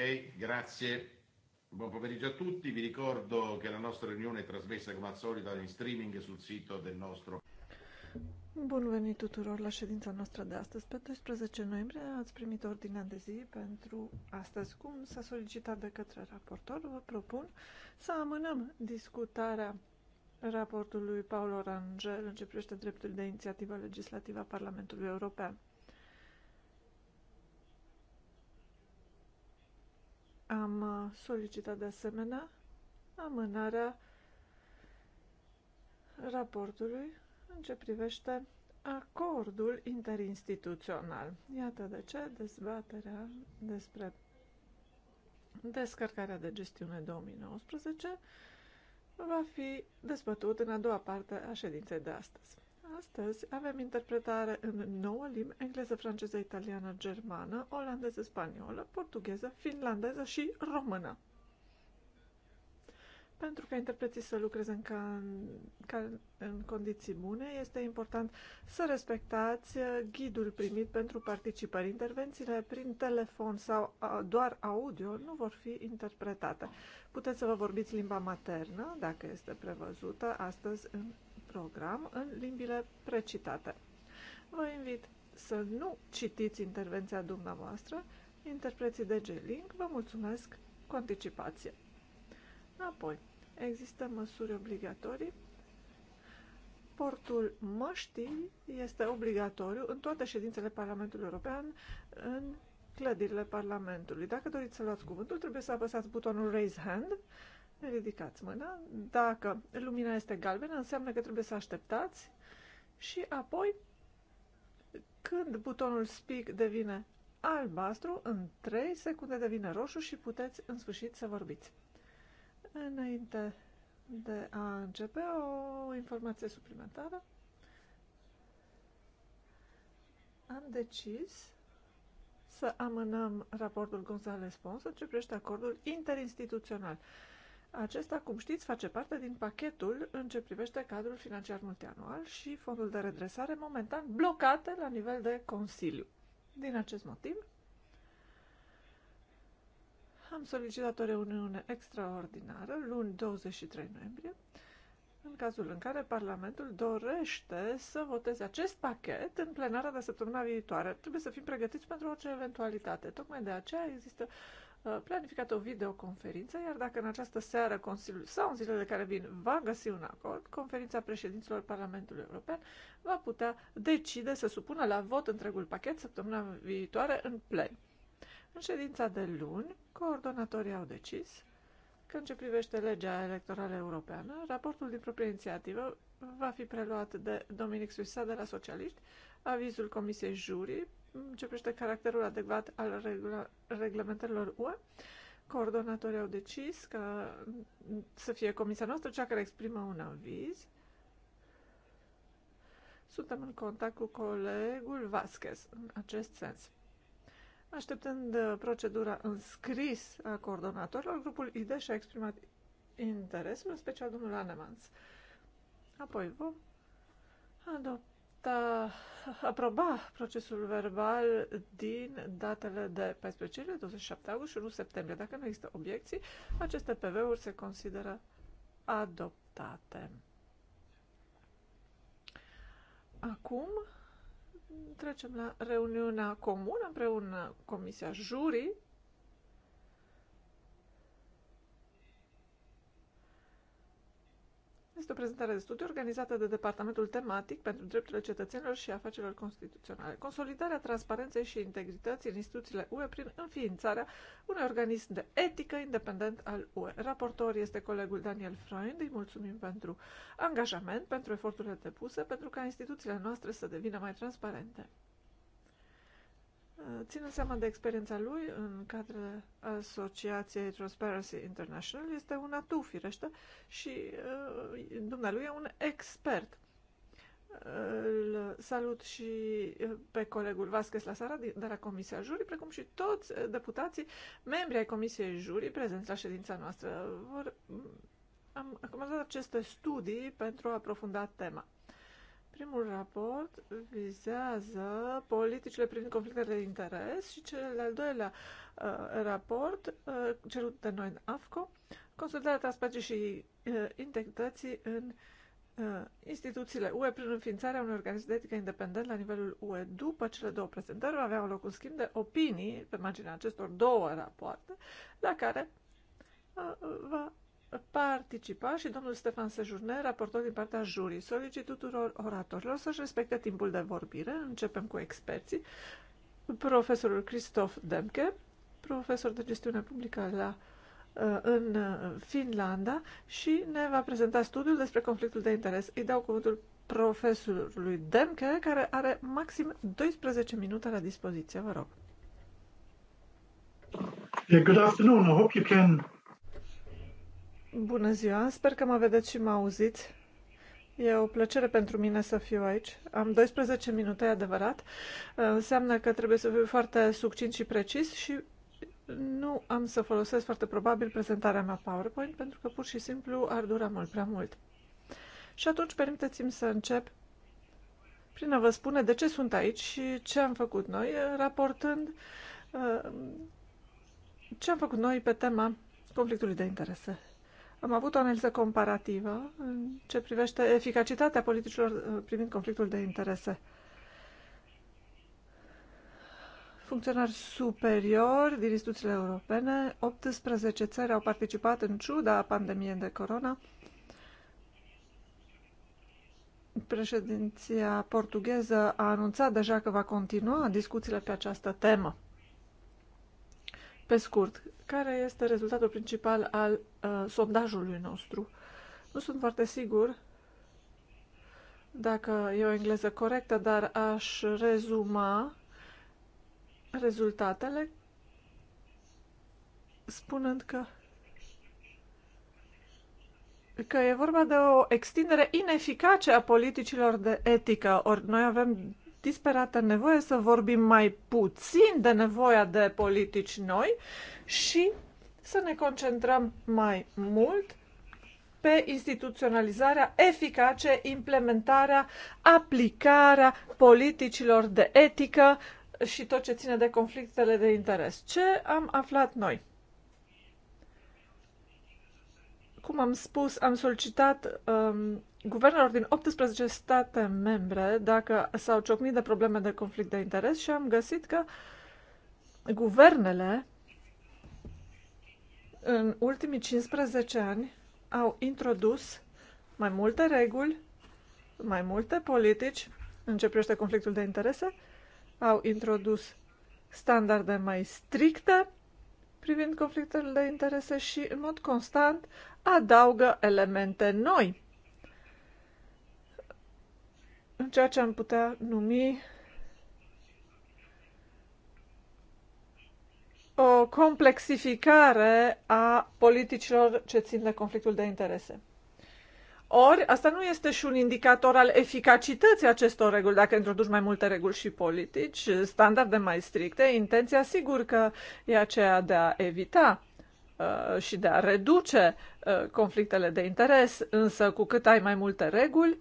Ok, grazie. Buon pomeriggio a tutti. Vi ricordo che la nostra riunione è trasmessa come al solito in streaming sul sito del nostro. Bun venit tuturor la ședința noastră de astăzi. Pe 12 noiembrie ați primit ordinea de zi pentru astăzi. Cum s-a solicitat de către raportor, vă propun să amânăm discutarea raportului Paul Orangel în ce privește dreptul de inițiativă legislativă a Parlamentului European. Am uh, solicitat de asemenea amânarea raportului în ce privește acordul interinstituțional. Iată de ce dezbaterea despre descărcarea de gestiune 2019 va fi dezbătut în a doua parte a ședinței de astăzi. Astăzi avem interpretare în nouă limbi, engleză, franceză, italiană, germană, olandeză, spaniolă, portugheză, finlandeză și română. Pentru ca interpreții să lucreze în, ca, ca, în condiții bune, este important să respectați uh, ghidul primit pentru participări. Intervențiile prin telefon sau uh, doar audio nu vor fi interpretate. Puteți să vă vorbiți limba maternă, dacă este prevăzută astăzi în program în limbile precitate. Vă invit să nu citiți intervenția dumneavoastră, interpreții de G-Link vă mulțumesc cu anticipație. Apoi, există măsuri obligatorii. Portul măștii este obligatoriu în toate ședințele Parlamentului European, în clădirile Parlamentului. Dacă doriți să luați cuvântul, trebuie să apăsați butonul Raise Hand ridicați mâna. Dacă lumina este galbenă, înseamnă că trebuie să așteptați și apoi, când butonul speak devine albastru, în 3 secunde devine roșu și puteți în sfârșit să vorbiți. Înainte de a începe o informație suplimentară, am decis să amânăm raportul González Pons în ce privește acordul interinstituțional. Acesta, cum știți, face parte din pachetul în ce privește cadrul financiar multianual și fondul de redresare momentan blocate la nivel de Consiliu. Din acest motiv, am solicitat o reuniune extraordinară luni 23 noiembrie, în cazul în care Parlamentul dorește să voteze acest pachet în plenara de săptămâna viitoare. Trebuie să fim pregătiți pentru orice eventualitate. Tocmai de aceea există Uh, planificat o videoconferință, iar dacă în această seară Consiliul sau în zilele care vin va găsi un acord, conferința președinților Parlamentului European va putea decide să supună la vot întregul pachet săptămâna viitoare în plen. În ședința de luni, coordonatorii au decis că în ce privește legea electorală europeană, raportul din proprie inițiativă va fi preluat de Dominic Suisa de la Socialiști, avizul Comisiei Jurii ce privește caracterul adecvat al regla, reglementărilor UE, coordonatorii au decis că să fie comisia noastră cea care exprimă un aviz. Suntem în contact cu colegul Vasquez în acest sens. Așteptând procedura în scris a coordonatorilor, grupul ID și-a exprimat interesul, în special domnul Anemans. Apoi vom adopta a aproba procesul verbal din datele de 14 iulie, 27 august și 1 septembrie. Dacă nu există obiecții, aceste PV-uri se consideră adoptate. Acum trecem la reuniunea comună împreună Comisia Jurii Este o prezentare de studiu organizată de Departamentul Tematic pentru Drepturile Cetățenilor și Afacerilor Constituționale. Consolidarea transparenței și integrității în instituțiile UE prin înființarea unui organism de etică independent al UE. Raportor este colegul Daniel Freund. Îi mulțumim pentru angajament, pentru eforturile depuse, pentru ca instituțiile noastre să devină mai transparente. Eh, ținând seama de experiența lui în cadrul Asociației Transparency International, este un atu, firește, și eh, dumnealui e un expert. Îl salut și eh, pe colegul Vasquez la de la Comisia juri, precum și toți deputații, membri ai Comisiei juri prezenți la ședința noastră. Vor, mm, am comandat aceste studii pentru a aprofunda tema. Primul raport vizează politicile privind conflictele de interes și cel al doilea uh, raport uh, cerut de noi în AFCO, consolidarea transparenței și uh, integrității în uh, instituțiile UE prin înființarea unui organism de etică independent la nivelul UE. După cele două prezentări va avea loc un schimb de opinii pe marginea acestor două rapoarte, la care uh, va participa și domnul Stefan Sejurne, raportor din partea jurii. Solicit tuturor oratorilor să-și respecte timpul de vorbire. Începem cu experții. Profesorul Christoph Demke, profesor de gestiune publică la uh, în uh, Finlanda și ne va prezenta studiul despre conflictul de interes. Îi dau cuvântul profesorului Demke, care are maxim 12 minute la dispoziție. Vă rog. Yeah, good afternoon. I hope you can Bună ziua, sper că mă vedeți și mă auziți. E o plăcere pentru mine să fiu aici. Am 12 minute, e adevărat. Uh, înseamnă că trebuie să fiu foarte succint și precis și nu am să folosesc foarte probabil prezentarea mea PowerPoint pentru că pur și simplu ar dura mult prea mult. Și atunci permiteți-mi să încep prin a vă spune de ce sunt aici și ce am făcut noi, raportând uh, ce am făcut noi pe tema conflictului de interese. Am avut o analiză comparativă în ce privește eficacitatea politicilor uh, privind conflictul de interese. Funcționari superiori din instituțiile europene, 18 țări au participat în ciuda pandemiei de corona. Președinția portugheză a anunțat deja că va continua discuțiile pe această temă. Pe scurt, care este rezultatul principal al uh, sondajului nostru? Nu sunt foarte sigur dacă e o engleză corectă, dar aș rezuma rezultatele spunând că că e vorba de o extindere ineficace a politicilor de etică. Ori noi avem disperată nevoie să vorbim mai puțin de nevoia de politici noi și să ne concentrăm mai mult pe instituționalizarea eficace, implementarea, aplicarea politicilor de etică și tot ce ține de conflictele de interes. Ce am aflat noi? Cum am spus, am solicitat um, guvernelor din 18 state membre dacă s-au ciocnit de probleme de conflict de interes și am găsit că guvernele în ultimii 15 ani au introdus mai multe reguli, mai multe politici în ce privește conflictul de interese, au introdus standarde mai stricte privind conflictele de interese și, în mod constant, adaugă elemente noi în ceea ce am putea numi o complexificare a politicilor ce țin de conflictul de interese. Ori, asta nu este și un indicator al eficacității acestor reguli. Dacă introduci mai multe reguli și politici, standarde mai stricte, intenția sigur că e aceea de a evita uh, și de a reduce uh, conflictele de interes, însă cu cât ai mai multe reguli,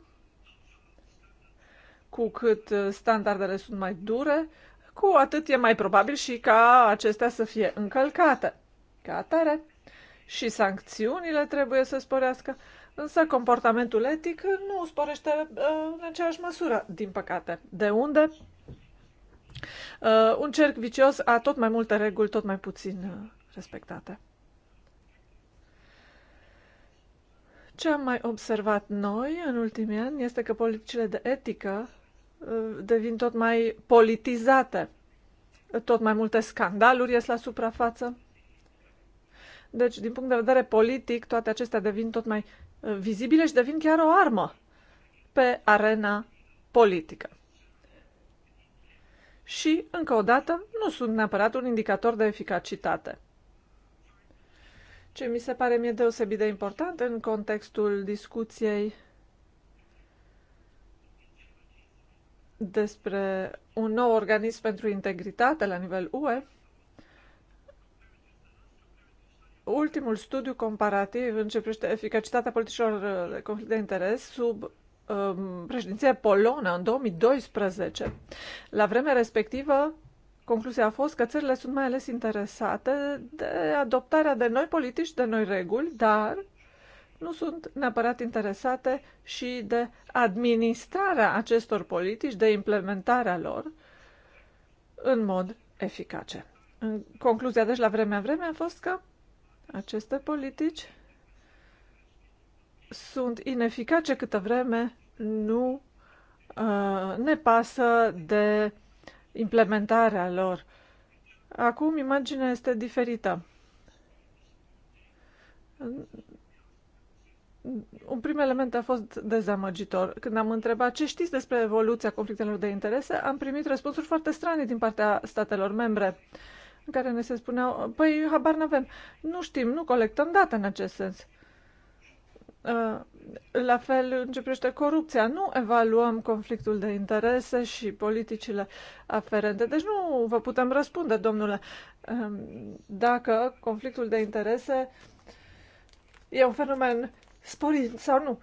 cu cât uh, standardele sunt mai dure, cu atât e mai probabil și ca acestea să fie încălcate. Ca atare, și sancțiunile trebuie să sporească, însă comportamentul etic nu sporește uh, în aceeași măsură, din păcate. De unde? Uh, un cerc vicios a tot mai multe reguli, tot mai puțin uh, respectate. Ce am mai observat noi în ultimii ani este că politicile de etică uh, devin tot mai politizate. Tot mai multe scandaluri ies la suprafață. Deci, din punct de vedere politic, toate acestea devin tot mai uh, vizibile și devin chiar o armă pe arena politică. Și, încă o dată, nu sunt neapărat un indicator de eficacitate ce mi se pare mie deosebit de important în contextul discuției despre un nou organism pentru integritate la nivel UE, ultimul studiu comparativ în ce privește eficacitatea politicilor de conflict de interes sub um, președinția polonă în 2012. La vremea respectivă, Concluzia a fost că țările sunt mai ales interesate de adoptarea de noi politici, de noi reguli, dar nu sunt neapărat interesate și de administrarea acestor politici, de implementarea lor în mod eficace. În concluzia, deci, la vremea vreme a fost că aceste politici sunt ineficace câtă vreme nu uh, ne pasă de implementarea lor. Acum imaginea este diferită. Un prim element a fost dezamăgitor. Când am întrebat ce știți despre evoluția conflictelor de interese, am primit răspunsuri foarte strane din partea statelor membre, în care ne se spuneau, păi, habar n-avem, nu știm, nu colectăm date în acest sens. Uh, la fel în ce privește corupția. Nu evaluăm conflictul de interese și politicile aferente. Deci nu vă putem răspunde, domnule, um, dacă conflictul de interese e un fenomen sporit sau nu.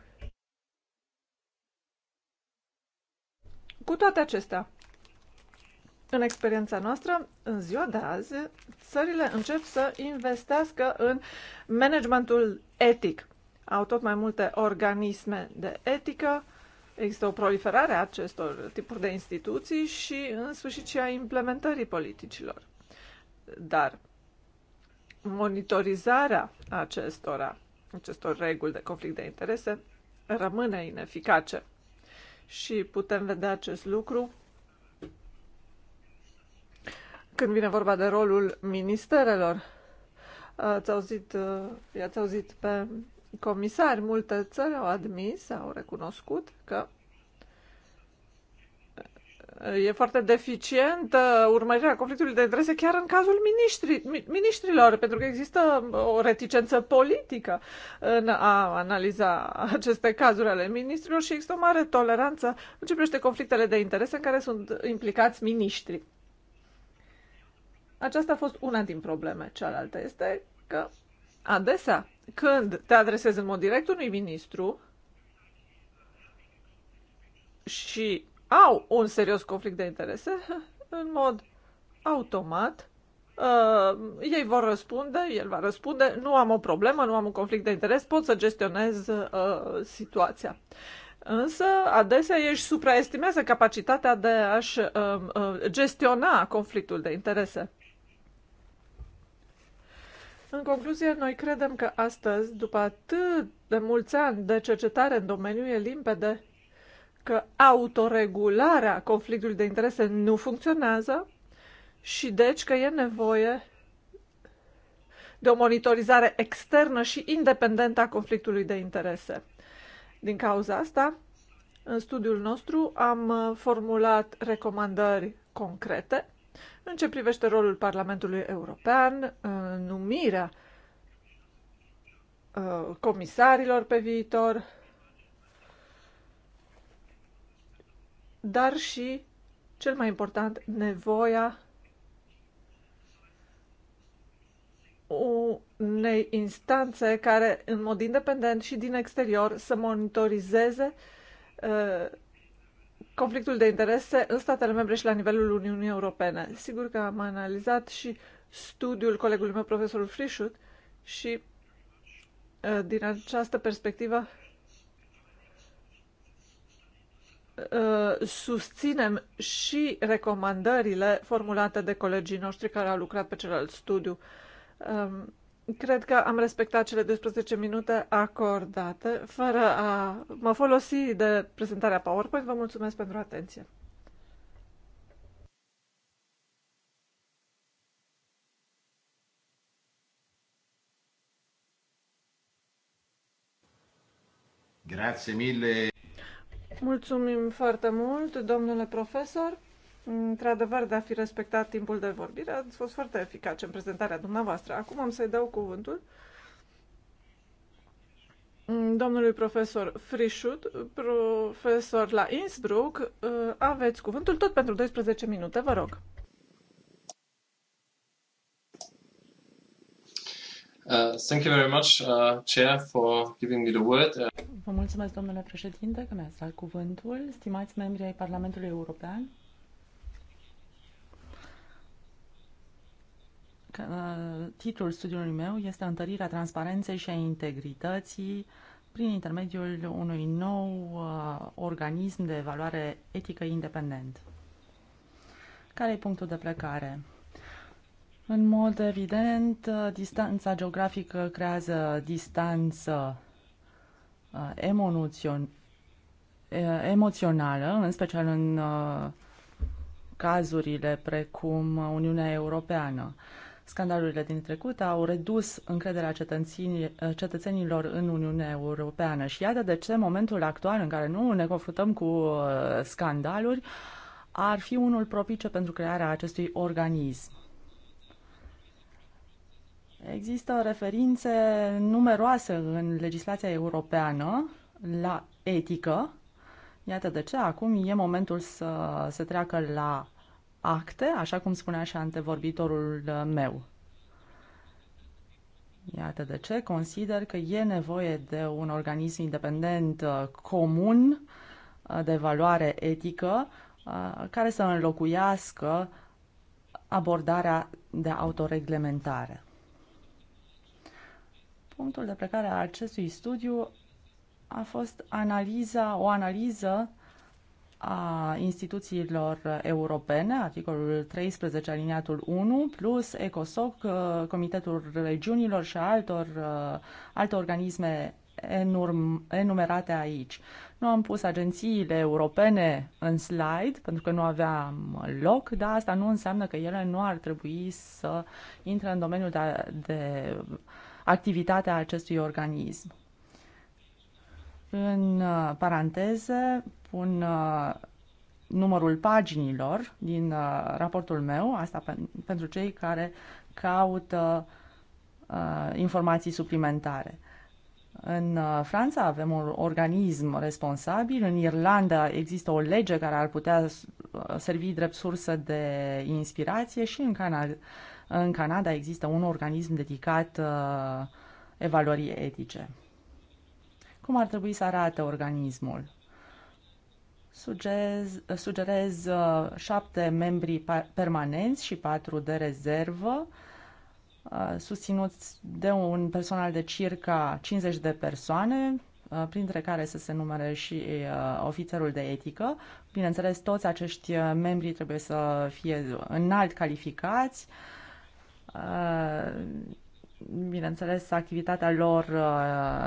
Cu toate acestea, în experiența noastră, în ziua de azi, țările încep să investească în managementul etic au tot mai multe organisme de etică, există o proliferare a acestor tipuri de instituții și, în sfârșit, și a implementării politicilor. Dar monitorizarea acestora, acestor reguli de conflict de interese, rămâne ineficace. Și putem vedea acest lucru când vine vorba de rolul ministerelor. Ați auzit, uh, i-ați auzit pe comisari. Multe țări au admis, au recunoscut că e foarte deficient urmărirea conflictului de interese chiar în cazul miniștri, miniștrilor, pentru că există uh, o reticență politică în a analiza aceste cazuri ale ministrilor și există o mare toleranță în ce privește conflictele de interese în care sunt implicați miniștri. Aceasta a fost una din probleme. Cealaltă este că adesea când te adresezi în mod direct unui ministru și au un serios conflict de interese, în mod automat, uh, ei vor răspunde, el va răspunde, nu am o problemă, nu am un conflict de interes, pot să gestionez uh, situația. Însă, adesea ei își supraestimează capacitatea de a-și uh, uh, gestiona conflictul de interese. În concluzie, noi credem că astăzi, după atât de mulți ani de cercetare în domeniu, e limpede că autoregularea conflictului de interese nu funcționează și deci că e nevoie de o monitorizare externă și independentă a conflictului de interese. Din cauza asta, în studiul nostru am uh, formulat recomandări concrete în ce privește rolul Parlamentului European, numirea uh, comisarilor pe viitor, dar și, cel mai important, nevoia unei instanțe care, în mod independent și din exterior, să monitorizeze uh, conflictul de interese în statele membre și la nivelul Uniunii Europene. Sigur că am analizat și studiul colegului meu, profesorul Frișut, și uh, din această perspectivă uh, susținem și recomandările formulate de colegii noștri care au lucrat pe celălalt studiu. Um, Cred că am respectat cele 12 minute acordate, fără a mă folosi de prezentarea PowerPoint. Vă mulțumesc pentru atenție. Grazie mille. Mulțumim foarte mult, domnule profesor. Într-adevăr, de a fi respectat timpul de vorbire, ați fost foarte eficace în prezentarea dumneavoastră. Acum am să-i dau cuvântul domnului profesor Frișud, profesor la Innsbruck. Uh, aveți cuvântul tot pentru 12 minute, vă rog. Uh, thank you very much, uh, Chair, for giving me the word. Uh... Vă mulțumesc, domnule președinte, că mi-ați dat cuvântul. Stimați membri ai Parlamentului European, Uh, titlul studiului meu este Întărirea transparenței și a integrității prin intermediul unui nou uh, organism de evaluare etică independent. Care e punctul de plecare? În mod evident, uh, distanța geografică creează distanță emoțională, în special în cazurile precum Uniunea Europeană. Uh, Scandalurile din trecut au redus încrederea cetățenilor în Uniunea Europeană și iată de ce momentul actual în care nu ne confruntăm cu uh, scandaluri ar fi unul propice pentru crearea acestui organism. Există referințe numeroase în legislația europeană la etică. Iată de ce acum e momentul să se treacă la acte, așa cum spunea și antevorbitorul uh, meu. Iată de ce consider că e nevoie de un organism independent uh, comun uh, de valoare etică care să înlocuiască abordarea de autoreglementare. Punctul de plecare a acestui studiu a fost analiza, o analiză uh, a instituțiilor europene, articolul 13 aliniatul 1, plus ECOSOC, uh, Comitetul Regiunilor și altor, uh, alte organisme enumerate aici. Nu am pus agențiile europene în slide pentru că nu aveam loc, dar asta nu înseamnă că ele nu ar trebui să intre în domeniul de, de activitate a acestui organism în uh, paranteze pun uh, numărul paginilor din uh, raportul meu, asta pentru cei care caută informații suplimentare. În Franța avem un organism responsabil, în Irlanda există o lege care ar putea servi drept sursă de inspirație și în Canada, în Canada există un organism dedicat uh, evaluării etice cum ar trebui să arate organismul. Sugerez, sugerez uh, șapte membri permanenți și patru de rezervă, uh, susținuți de un personal de circa 50 de persoane, uh, printre care să se numere și ofițerul de etică. Bineînțeles, toți acești membri trebuie să fie înalt calificați bineînțeles, activitatea lor uh,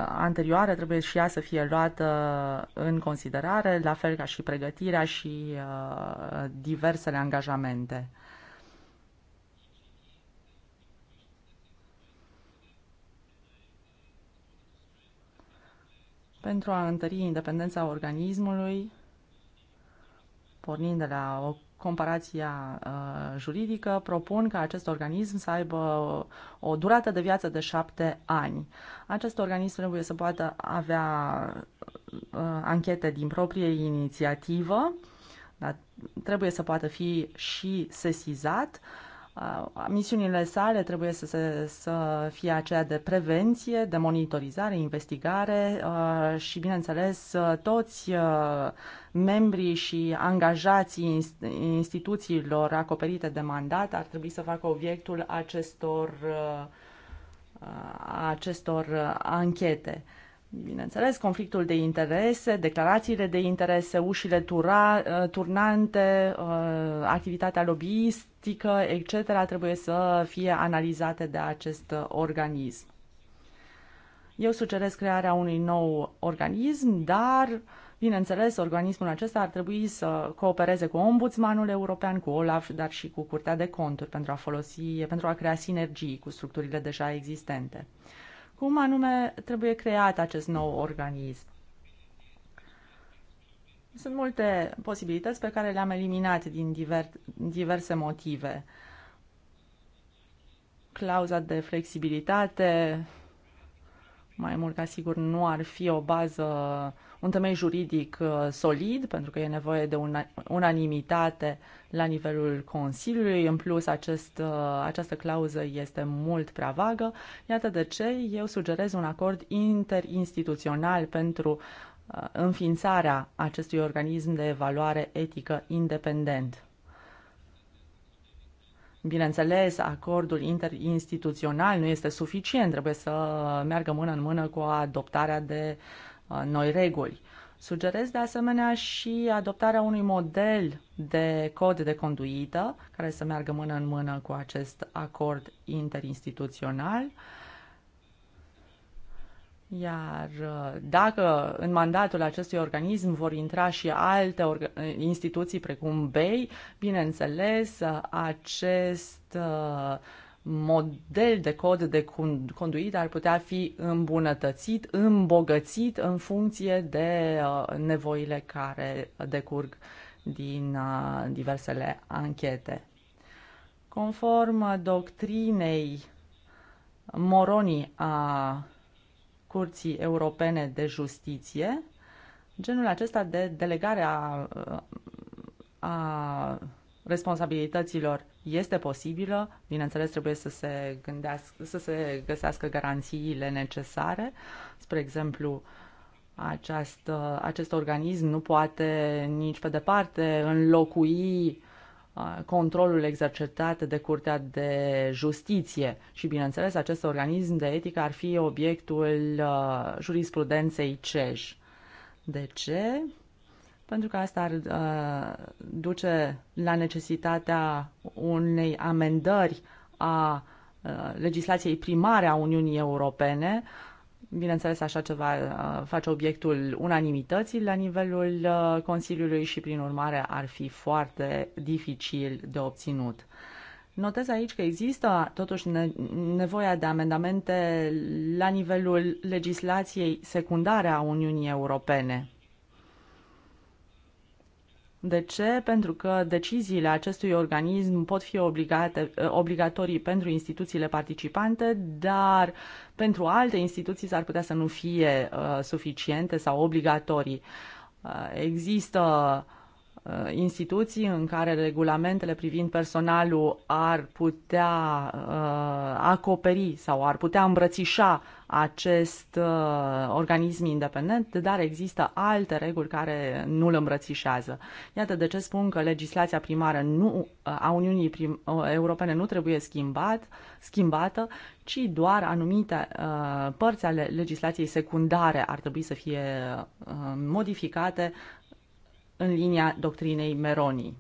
anterioară trebuie și ea să fie luată în considerare, la fel ca și pregătirea și uh, diversele angajamente. pentru a întări independența organismului, pornind de la o comparația uh, juridică, propun ca acest organism să aibă o durată de viață de șapte ani. Acest organism trebuie să poată avea uh, anchete din proprie inițiativă, dar trebuie să poată fi și sesizat uh, Misiunile sale trebuie să, se, să fie aceea de prevenție, de monitorizare, investigare și, bineînțeles, toți membrii și angajații instituțiilor acoperite de mandat ar trebui să facă obiectul acestor, acestor anchete bineînțeles, conflictul de interese, declarațiile de interese, ușile tura, uh, turnante, uh, activitatea lobbyistică, etc., trebuie să fie analizate de acest uh, organism. Eu sugerez crearea unui nou organism, dar, bineînțeles, organismul acesta ar trebui să coopereze cu Ombudsmanul European, cu OLAF, dar și cu Curtea de Conturi pentru a folosi, pentru a crea sinergii cu structurile deja existente. Cum anume trebuie creat acest nou organism? Sunt multe posibilități pe care le-am eliminat din diver, diverse motive. Clauza de flexibilitate, mai mult ca sigur nu ar fi o bază, un temei juridic uh, solid, pentru că e nevoie de una, unanimitate la nivelul Consiliului. În plus, acest, uh, această clauză este mult prea vagă. Iată de ce eu sugerez un acord interinstituțional pentru uh, înființarea acestui organism de evaluare etică independent. Bineînțeles, acordul interinstituțional nu este suficient, trebuie să meargă mână în mână cu adoptarea de uh, noi reguli. Sugerez de asemenea și adoptarea unui model de cod de conduită care să meargă mână în mână cu acest acord interinstituțional. Iar uh, dacă în mandatul acestui organism vor intra și alte uh, instituții precum BEI, bineînțeles, uh, acest model de cod de conduit ar putea fi îmbunătățit, îmbogățit în funcție de nevoile care decurg din diversele anchete. Conform doctrinei Moroni a Curții Europene de Justiție. Genul acesta de delegare a, a responsabilităților este posibilă, bineînțeles trebuie să se, gândească, să se găsească garanțiile necesare, spre exemplu, această, acest organism nu poate nici pe departe înlocui controlul exercitat de Curtea de Justiție și, bineînțeles, acest organism de etică ar fi obiectul jurisprudenței CEJ. De ce? Pentru că asta ar uh, duce la necesitatea unei amendări a uh, legislației primare a Uniunii Europene, uh, Bineînțeles, așa ceva uh, face obiectul unanimității la nivelul uh, Consiliului și, prin urmare, ar fi foarte dificil de obținut. Notez aici că există totuși nevoia de amendamente la nivelul legislației secundare a Uniunii Europene. De ce? Pentru că deciziile acestui organism pot fi obligate, obligatorii pentru instituțiile participante, dar pentru alte instituții s-ar putea să nu fie uh, suficiente sau obligatorii. Uh, există Uh, instituții în care regulamentele privind personalul ar putea uh, acoperi sau ar putea îmbrățișa acest uh, organism independent, dar există alte reguli care nu îl îmbrățișează. Iată de ce spun că legislația primară nu, a Uniunii prim, Europene nu trebuie schimbat, schimbată, ci doar anumite uh, părți ale legislației secundare ar trebui să fie uh, modificate în linia doctrinei Meroni.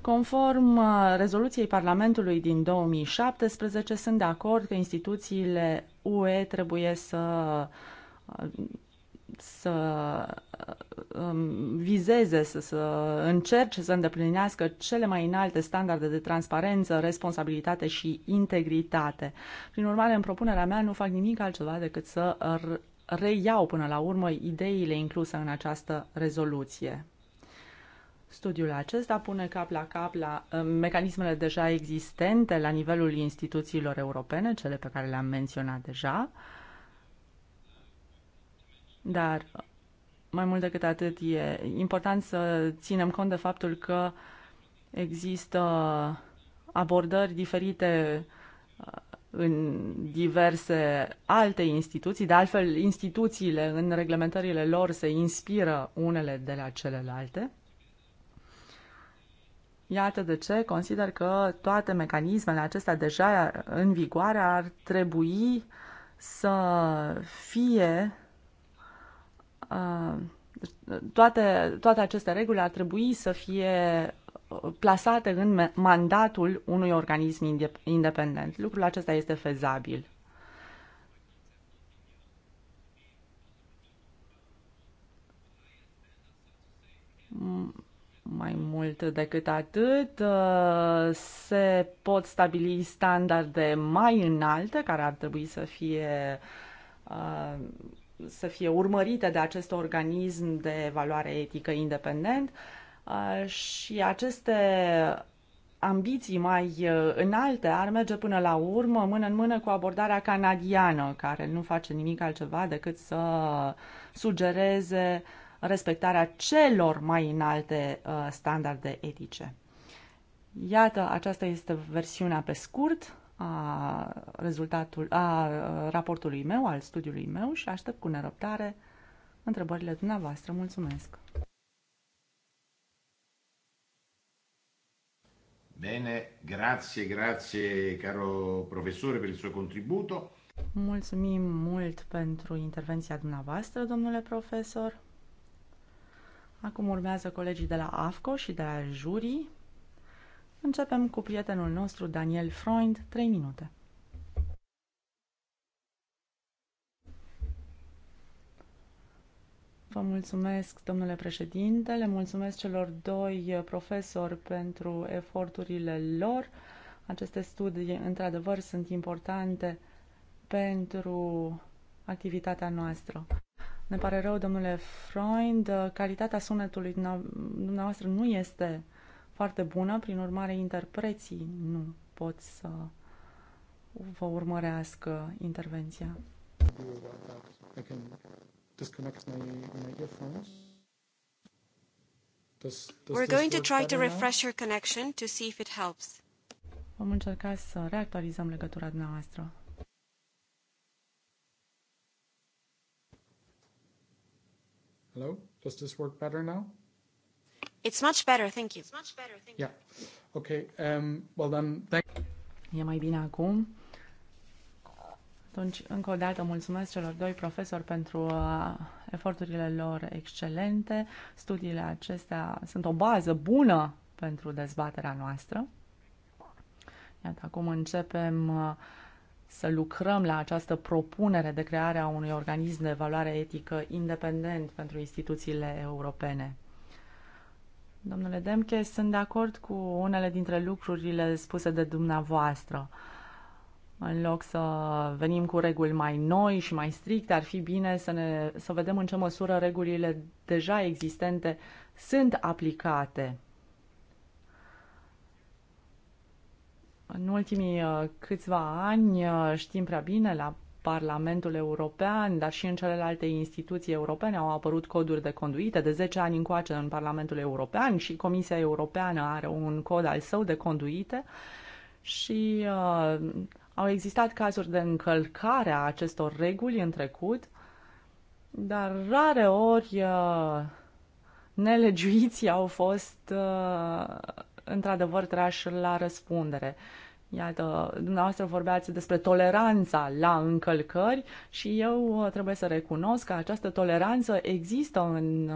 Conform uh, rezoluției Parlamentului din 2017, sunt de acord că instituțiile UE trebuie să uh, să uh, um, vizeze, să, să încerce să îndeplinească cele mai înalte standarde de transparență, responsabilitate și integritate. Prin urmare, în propunerea mea nu fac nimic altceva decât să reiau până la urmă ideile incluse în această rezoluție. Studiul acesta pune cap la cap la uh, mecanismele deja existente la nivelul instituțiilor europene, cele pe care le-am menționat deja, dar mai mult decât atât e important să ținem cont de faptul că există abordări diferite uh, în diverse alte instituții, de altfel instituțiile în reglementările lor se inspiră unele de la celelalte. Iată de ce consider că toate mecanismele acestea deja în vigoare ar trebui să fie uh, toate, toate aceste reguli ar trebui să fie plasate în mandatul unui organism independent. Lucrul acesta este fezabil. Mai mult decât atât, uh, se pot stabili standarde mai înalte care ar trebui să fie uh, să fie urmărite de acest organism de evaluare etică independent Uh, și aceste ambiții mai uh, înalte ar merge până la urmă mână în mână cu abordarea canadiană, care nu face nimic altceva decât să sugereze respectarea celor mai înalte uh, standarde etice. Iată, aceasta este versiunea pe scurt a, rezultatul, a raportului meu, al studiului meu și aștept cu nerăbdare întrebările dumneavoastră. Mulțumesc! Bine, grazie, grazie caro professore per il suo contributo. Mulțumim mult pentru intervenția dumneavoastră, domnule profesor. Acum urmează colegii de la AFCO și de la jurii. Începem cu prietenul nostru, Daniel Freund, 3 minute. Vă mulțumesc, domnule președinte, le mulțumesc celor doi uh, profesori pentru eforturile lor. Aceste studii, într-adevăr, sunt importante pentru activitatea noastră. Ne pare rău, domnule Freund, uh, calitatea sunetului dumneavoastră nu este foarte bună, prin urmare interpreții nu pot să vă urmărească intervenția disconnect my, my earphones. Does, does We're going to try to refresh your connection to see if it helps. Vom încerca să reactualizăm legătura noastră. Hello? Does this work better now? It's much better, thank you. It's much better, thank you. Yeah. Okay. Um, well then, thank E mai bine acum. Atunci, încă o dată, mulțumesc celor doi profesori pentru uh, eforturile lor excelente. Studiile acestea sunt o bază bună pentru dezbaterea noastră. Iată, acum începem uh, să lucrăm la această propunere de creare a unui organism de evaluare etică independent pentru instituțiile europene. Domnule Demche, sunt de acord cu unele dintre lucrurile spuse de dumneavoastră. Uh, în loc să venim cu reguli mai noi și mai stricte, ar fi bine să, ne, să vedem în ce măsură regulile deja existente sunt aplicate. În ultimii uh, câțiva ani uh, știm prea bine la Parlamentul European, dar și în celelalte instituții europene au apărut coduri de conduită. De 10 ani încoace în Parlamentul European și Comisia Europeană are un cod al său de conduite și uh, au existat cazuri de încălcare a acestor reguli în trecut, dar rare ori uh, nelegiuiții au fost uh, într-adevăr trași la răspundere. Iată, dumneavoastră vorbeați despre toleranța la încălcări și eu uh, trebuie să recunosc că această toleranță există uh, în,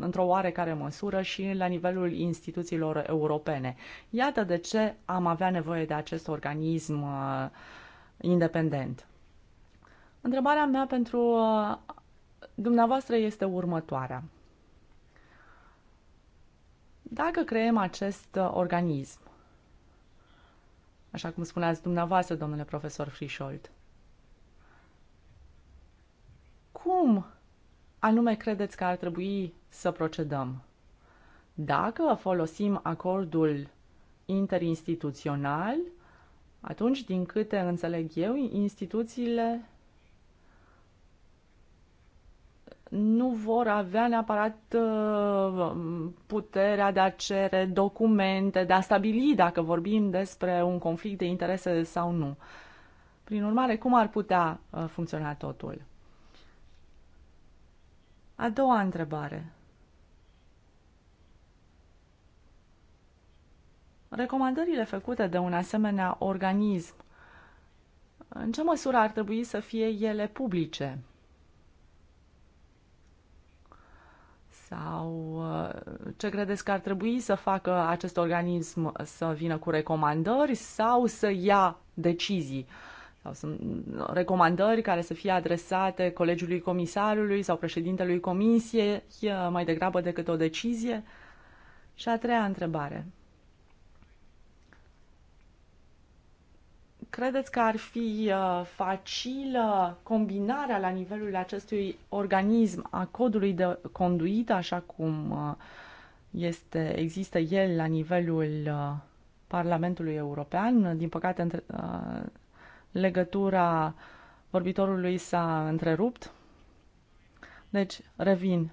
într-o oarecare măsură și la nivelul instituțiilor europene. Iată de ce am avea nevoie de acest organism uh, independent. Întrebarea mea pentru dumneavoastră este următoarea. Dacă creăm acest organism, așa cum spuneați dumneavoastră, domnule profesor Frișolt. Cum anume credeți că ar trebui să procedăm? Dacă folosim acordul interinstituțional, atunci, din câte înțeleg eu, instituțiile nu vor avea neapărat uh, puterea de a cere documente, de a stabili dacă vorbim despre un conflict de interese sau nu. Prin urmare, cum ar putea uh, funcționa totul? A doua întrebare. Recomandările făcute de un asemenea organism, în ce măsură ar trebui să fie ele publice? Sau uh, ce credeți că ar trebui să facă acest organism să vină cu recomandări sau să ia decizii? Sau sunt uh, recomandări care să fie adresate colegiului comisarului sau președintelui comisiei uh, mai degrabă decât o decizie? Și a treia întrebare. Credeți că ar fi uh, facilă combinarea la nivelul acestui organism a codului de conduit, așa cum uh, este, există el la nivelul uh, Parlamentului European? Din păcate, legătura vorbitorului s-a întrerupt. Deci, revin.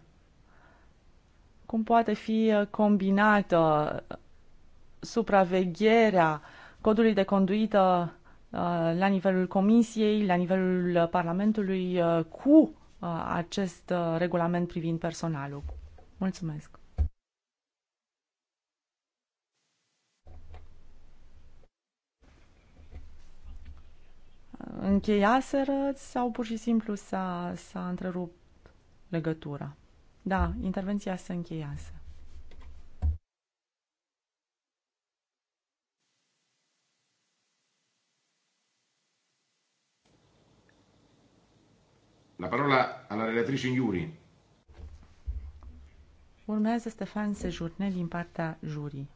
Cum poate fi combinată supravegherea codului de conduită Uh, la nivelul Comisiei, la nivelul uh, Parlamentului uh, cu acest regulament privind personalul. Mulțumesc! Încheiaseră sau pur și simplu s-a, întrerupt legătura? Da, intervenția se încheiasă. La parola alla relatrice Iuri. Urmează Stefan Sejurne din partea jurii.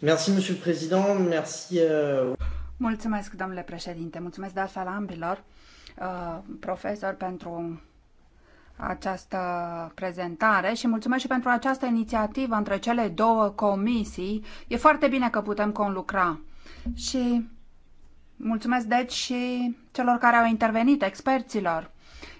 Merci, monsieur le président. Merci, uh... Mulțumesc, domnule președinte. Mulțumesc de altfel ambilor uh, profesori pentru această prezentare și mulțumesc și pentru această inițiativă între cele două comisii. E foarte bine că putem conlucra. Și Mulțumesc deci și celor care au intervenit, experților.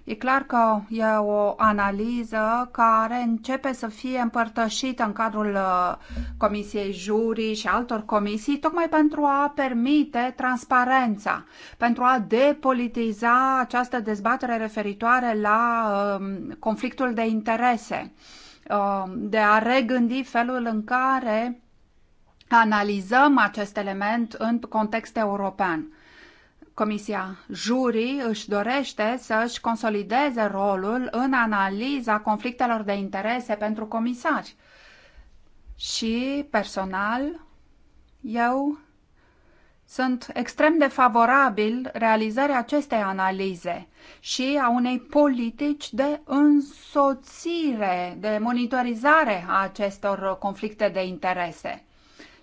E clar că e o analiză care începe să fie împărtășită în cadrul uh, Comisiei Jurii și altor comisii, tocmai pentru a permite transparența, pentru a depolitiza această dezbatere referitoare la um, conflictul de interese, um, de a regândi felul în care analizăm acest element în context european. Comisia Juri își dorește să își consolideze rolul în analiza conflictelor de interese pentru comisari. Și, personal, eu sunt extrem de favorabil realizării acestei analize și a unei politici de însoțire, de monitorizare a acestor conflicte de interese.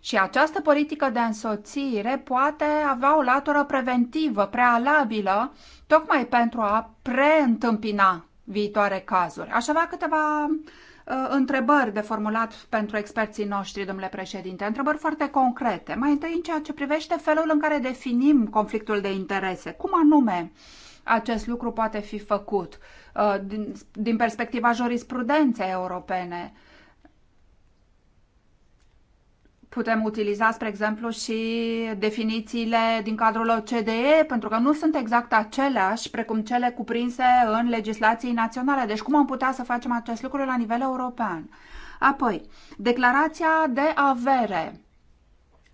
Și această politică de însoțire poate avea o latură preventivă, prealabilă, tocmai pentru a preîntâmpina viitoare cazuri. Aș avea câteva uh, întrebări de formulat pentru experții noștri, domnule președinte, întrebări foarte concrete. Mai întâi în ceea ce privește felul în care definim conflictul de interese. Cum anume acest lucru poate fi făcut uh, din, din perspectiva jurisprudenței europene? Putem utiliza, spre exemplu, și definițiile din cadrul OCDE, pentru că nu sunt exact aceleași precum cele cuprinse în legislații naționale. Deci cum am putea să facem acest lucru la nivel european? Apoi, declarația de avere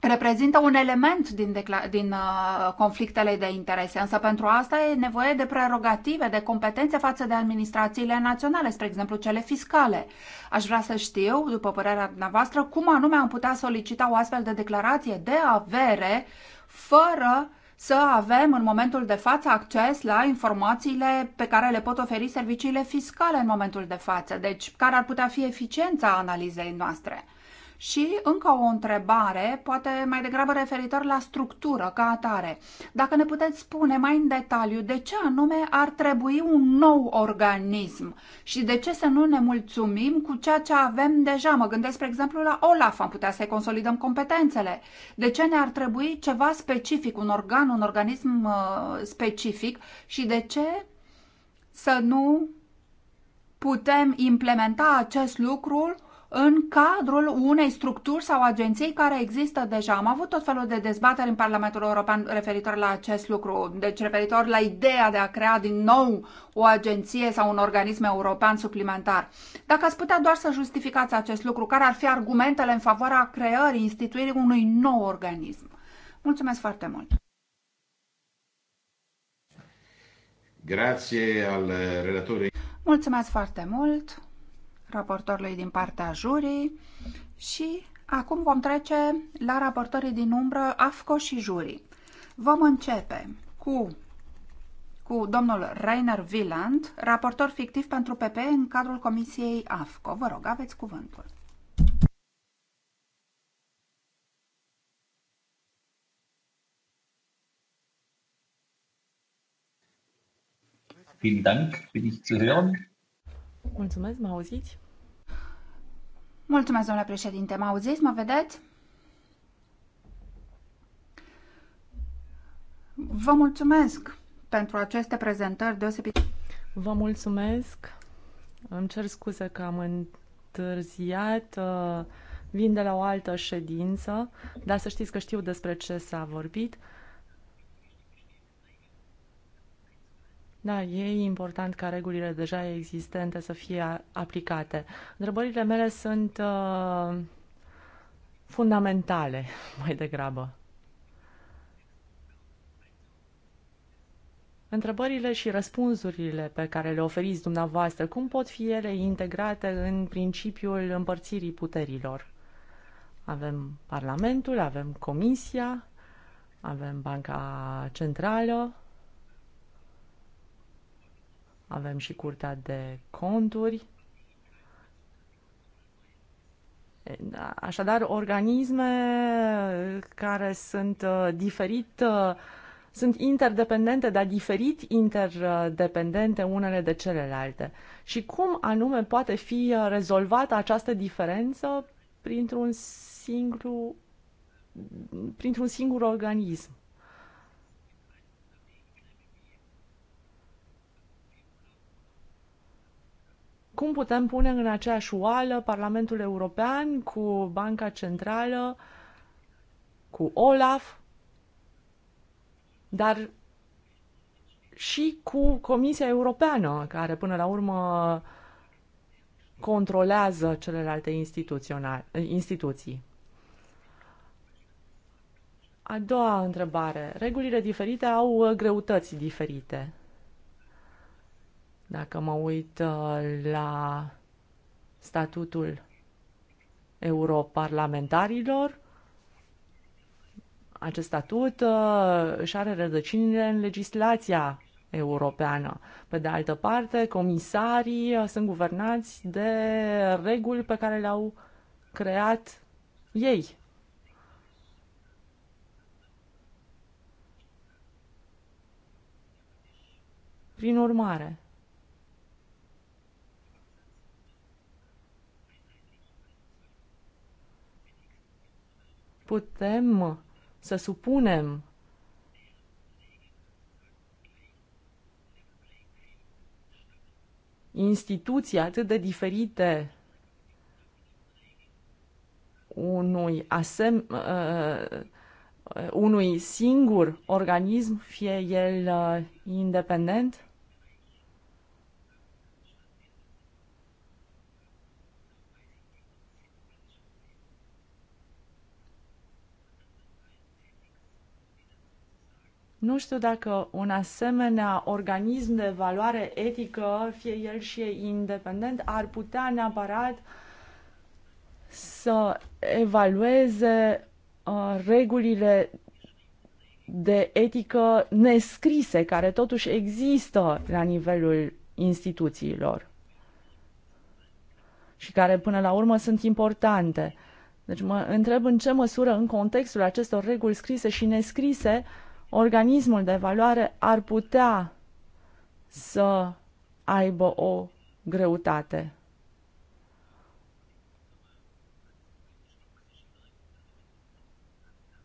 reprezintă un element din, din uh, conflictele de interese, însă pentru asta e nevoie de prerogative, de competențe față de administrațiile naționale, spre exemplu cele fiscale. Aș vrea să știu, după părerea dumneavoastră, cum anume am putea solicita o astfel de declarație de avere fără să avem în momentul de față acces la informațiile pe care le pot oferi serviciile fiscale în momentul de față. Deci, care ar putea fi eficiența analizei noastre? Și încă o întrebare, poate mai degrabă referitor la structură ca atare. Dacă ne puteți spune mai în detaliu de ce anume ar trebui un nou organism și de ce să nu ne mulțumim cu ceea ce avem deja. Mă gândesc, spre exemplu, la OLAF, am putea să-i consolidăm competențele. De ce ne-ar trebui ceva specific, un organ, un organism uh, specific și de ce să nu putem implementa acest lucru în cadrul unei structuri sau agenții care există deja. Am avut tot felul de dezbateri în Parlamentul European referitor la acest lucru, deci referitor la ideea de a crea din nou o agenție sau un organism european suplimentar. Dacă ați putea doar să justificați acest lucru, care ar fi argumentele în favoarea creării, instituirii unui nou organism? Mulțumesc foarte mult! Grazie al uh, relatore. Mulțumesc foarte mult! raportorului din partea jurii și acum vom trece la raportorii din umbră AFCO și jurii. Vom începe cu, cu domnul Rainer Wieland, raportor fictiv pentru PP în cadrul Comisiei AFCO. Vă rog, aveți cuvântul. Vielen Dank, bin ich zu hören? Mulțumesc, mă auziți? Mulțumesc, domnule președinte. Mă auziți? Mă vedeți? Vă mulțumesc pentru aceste prezentări deosebit. Vă mulțumesc. Îmi cer scuze că am întârziat. Uh, vin de la o altă ședință, dar să știți că știu despre ce s-a vorbit. Da, e important ca regulile deja existente să fie aplicate. Întrebările mele sunt uh, fundamentale, mai degrabă. Întrebările și răspunsurile pe care le oferiți dumneavoastră, cum pot fi ele integrate în principiul împărțirii puterilor? Avem Parlamentul, avem Comisia, avem Banca Centrală, avem și Curtea de Conturi. Așadar, organisme care sunt uh, diferit, uh, sunt interdependente, dar diferit interdependente unele de celelalte. Și cum anume poate fi uh, rezolvată această diferență printr-un singur, printr-un singur organism? cum putem pune în aceeași oală Parlamentul European cu Banca Centrală, cu OLAF, dar și cu Comisia Europeană, care până la urmă controlează celelalte instituții. A doua întrebare. Regulile diferite au greutăți diferite. Dacă mă uit uh, la statutul europarlamentarilor, acest statut uh, își are rădăcinile în legislația europeană. Pe de altă parte, comisarii uh, sunt guvernați de reguli pe care le-au creat ei. Prin urmare, putem să supunem instituții atât de diferite unui asem, uh, uh unui singur organism, fie el uh, independent? Nu știu dacă un asemenea organism de valoare etică, fie el și e independent, ar putea neapărat să evalueze uh, regulile de etică nescrise, care totuși există la nivelul instituțiilor și care până la urmă sunt importante. Deci mă întreb în ce măsură, în contextul acestor reguli scrise și nescrise, uh, organismul de evaluare ar putea să aibă o greutate.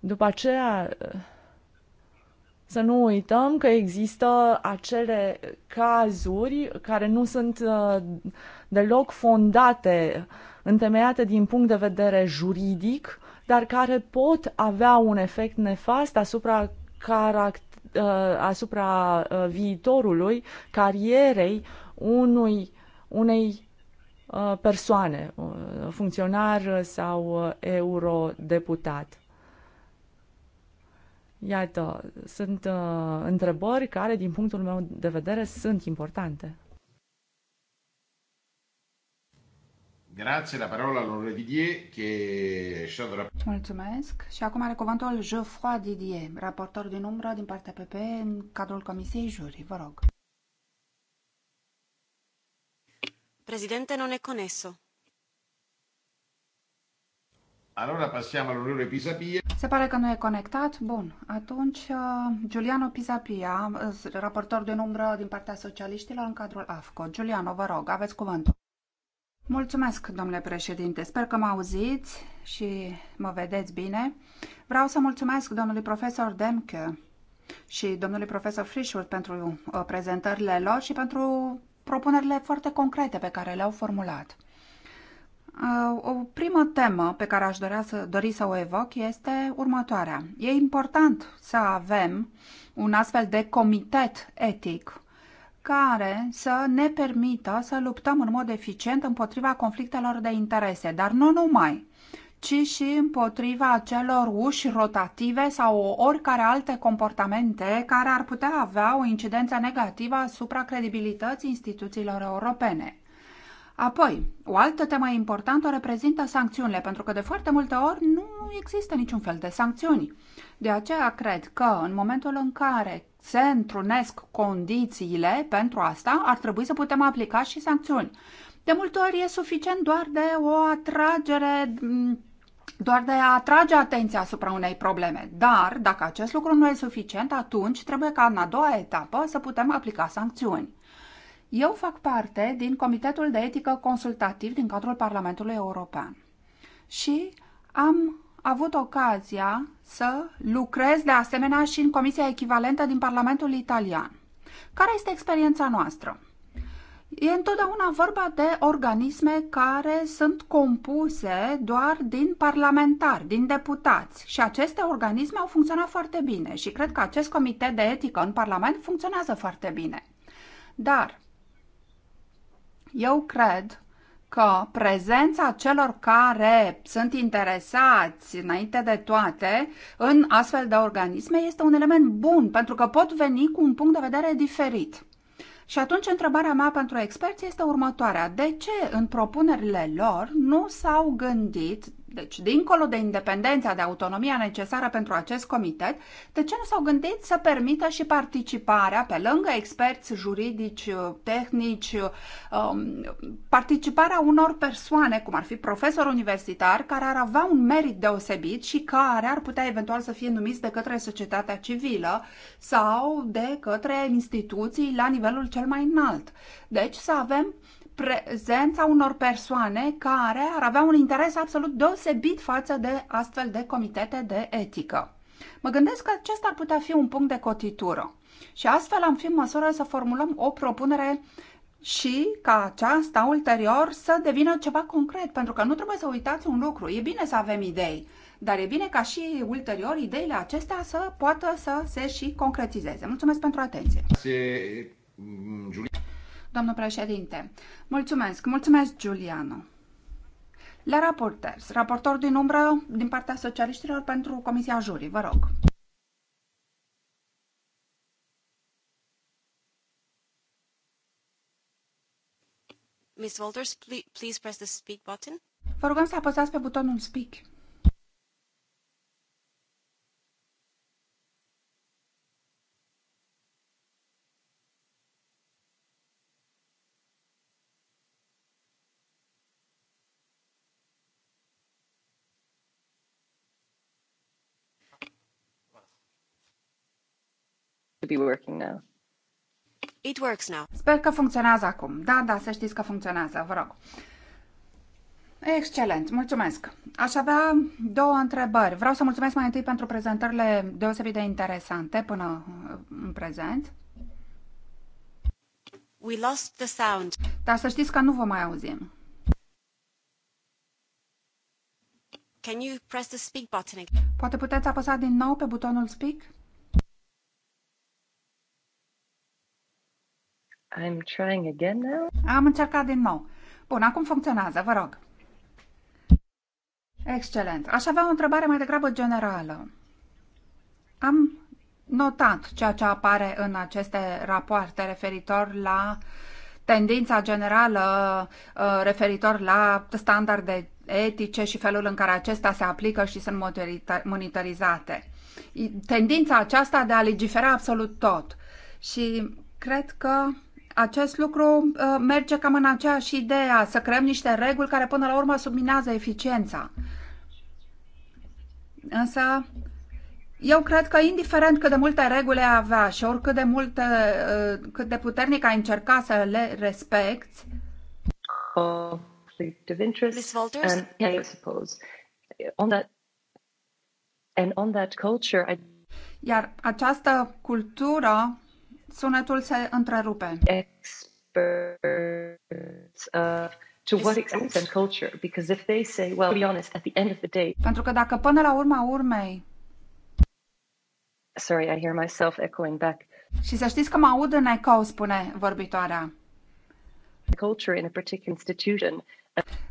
După aceea, să nu uităm că există acele cazuri care nu sunt uh, deloc fondate, întemeiate din punct de vedere juridic, dar care pot avea un efect nefast asupra caract- uh, asupra uh, viitorului, carierei unui, unei uh, persoane, funcționar sau eurodeputat. Iată, sunt întrebări care, din punctul meu de vedere, sunt importante. Grazie, la parola Didier, che Mulțumesc. Și acum are cuvântul Geoffroy Didier, raportor din umbră din partea PP în cadrul Comisiei Jurii. Vă rog. Presidente, non è connesso. Allora passiamo all'onorevole Pisapia. Se pare că nu e conectat. Bun. Atunci, uh, Giuliano Pisapia, uh, raportor de umbră din partea socialiștilor în cadrul AFCO. Giuliano, vă rog, aveți cuvântul. Mulțumesc, domnule președinte. Sper că mă auziți și mă vedeți bine. Vreau să mulțumesc domnului profesor Demke și domnului profesor Frișul pentru uh, prezentările lor și pentru propunerile foarte concrete pe care le-au formulat. Uh, o primă temă pe care aș dorea să, dori să o evoc este următoarea. E important să avem un astfel de comitet etic care să ne permită să luptăm în mod eficient împotriva conflictelor de interese, dar nu numai ci și împotriva acelor uși rotative sau oricare alte comportamente care ar putea avea o incidență negativă asupra credibilității instituțiilor europene. Apoi, o altă temă importantă o reprezintă sancțiunile, pentru că de foarte multe ori nu există niciun fel de sancțiuni. De aceea cred că în momentul în care se întrunesc condițiile pentru asta, ar trebui să putem aplica și sancțiuni. De multe ori e suficient doar de o atragere doar de a atrage atenția asupra unei probleme. Dar, dacă acest lucru nu e suficient, atunci trebuie ca în a doua etapă să putem aplica sancțiuni. Eu fac parte din Comitetul de Etică Consultativ din cadrul Parlamentului European și am avut ocazia să lucrez de asemenea și în Comisia Echivalentă din Parlamentul Italian. Care este experiența noastră? E întotdeauna vorba de organisme care sunt compuse doar din parlamentari, din deputați și aceste organisme au funcționat foarte bine și cred că acest comitet de etică în Parlament funcționează foarte bine. Dar eu cred că prezența celor care sunt interesați înainte de toate în astfel de organisme este un element bun, pentru că pot veni cu un punct de vedere diferit. Și atunci întrebarea mea pentru experți este următoarea. De ce în propunerile lor nu s-au gândit deci, dincolo de independența, de autonomia necesară pentru acest comitet, de ce nu s-au gândit să permită și participarea, pe lângă experți juridici, uh, tehnici, uh, um, participarea unor persoane, cum ar fi profesori universitari, care ar avea un merit deosebit și care ar putea eventual să fie numiți de către societatea civilă sau de către instituții la nivelul cel mai înalt. Deci, să avem prezența unor persoane care ar avea un interes absolut deosebit față de astfel de comitete de etică. Mă gândesc că acesta ar putea fi un punct de cotitură și astfel am fi în măsură să formulăm o propunere și ca aceasta ulterior să devină ceva concret, pentru că nu trebuie să uitați un lucru, e bine să avem idei, dar e bine ca și ulterior ideile acestea să poată să se și concretizeze. Mulțumesc pentru atenție! Se... Julie. Domnul președinte, mulțumesc, mulțumesc, Giuliano. La raportez. raportor din umbră din partea socialiștilor pentru Comisia Jurii, vă rog. Miss Walters, please press the speak button. Vă rugăm să apăsați pe butonul speak. to be working now. It works now. Sper că funcționează acum. Da, da, să știți că funcționează, vă rog. Excelent, mulțumesc. Aș avea două întrebări. Vreau să mulțumesc mai întâi pentru prezentările deosebit de interesante până uh, în prezent. We lost the sound. Dar să știți că nu vă mai auzim. Can you press the speak button again? Poate puteți apăsa din nou pe butonul speak? I'm trying again now. Am încercat din nou. Bun, acum funcționează, vă rog. Excelent. Aș avea o întrebare mai degrabă generală. Am notat ceea ce apare în aceste rapoarte referitor la tendința generală uh, referitor la standarde etice și felul în care acestea se aplică și sunt monitorizate. Tendința aceasta de a legifera absolut tot. Și cred că acest lucru uh, merge cam în aceeași idee, să creăm niște reguli care până la urmă subminează eficiența. Însă, eu cred că indiferent cât de multe reguli ai avea și oricât de, multe, uh, cât de puternic ai încerca să le respecti, conflict of interest Walters? and yeah, I suppose on that and on that culture I... iar această cultură Sunetul se întrerupe. Experts of to what extent and culture because if they say well to be honest at the end of the day pentru că dacă până la urma urmei Sorry, I hear myself echoing back. Și să știți că mă aud în eco, spune vorbitoarea. Culture in a particular institution.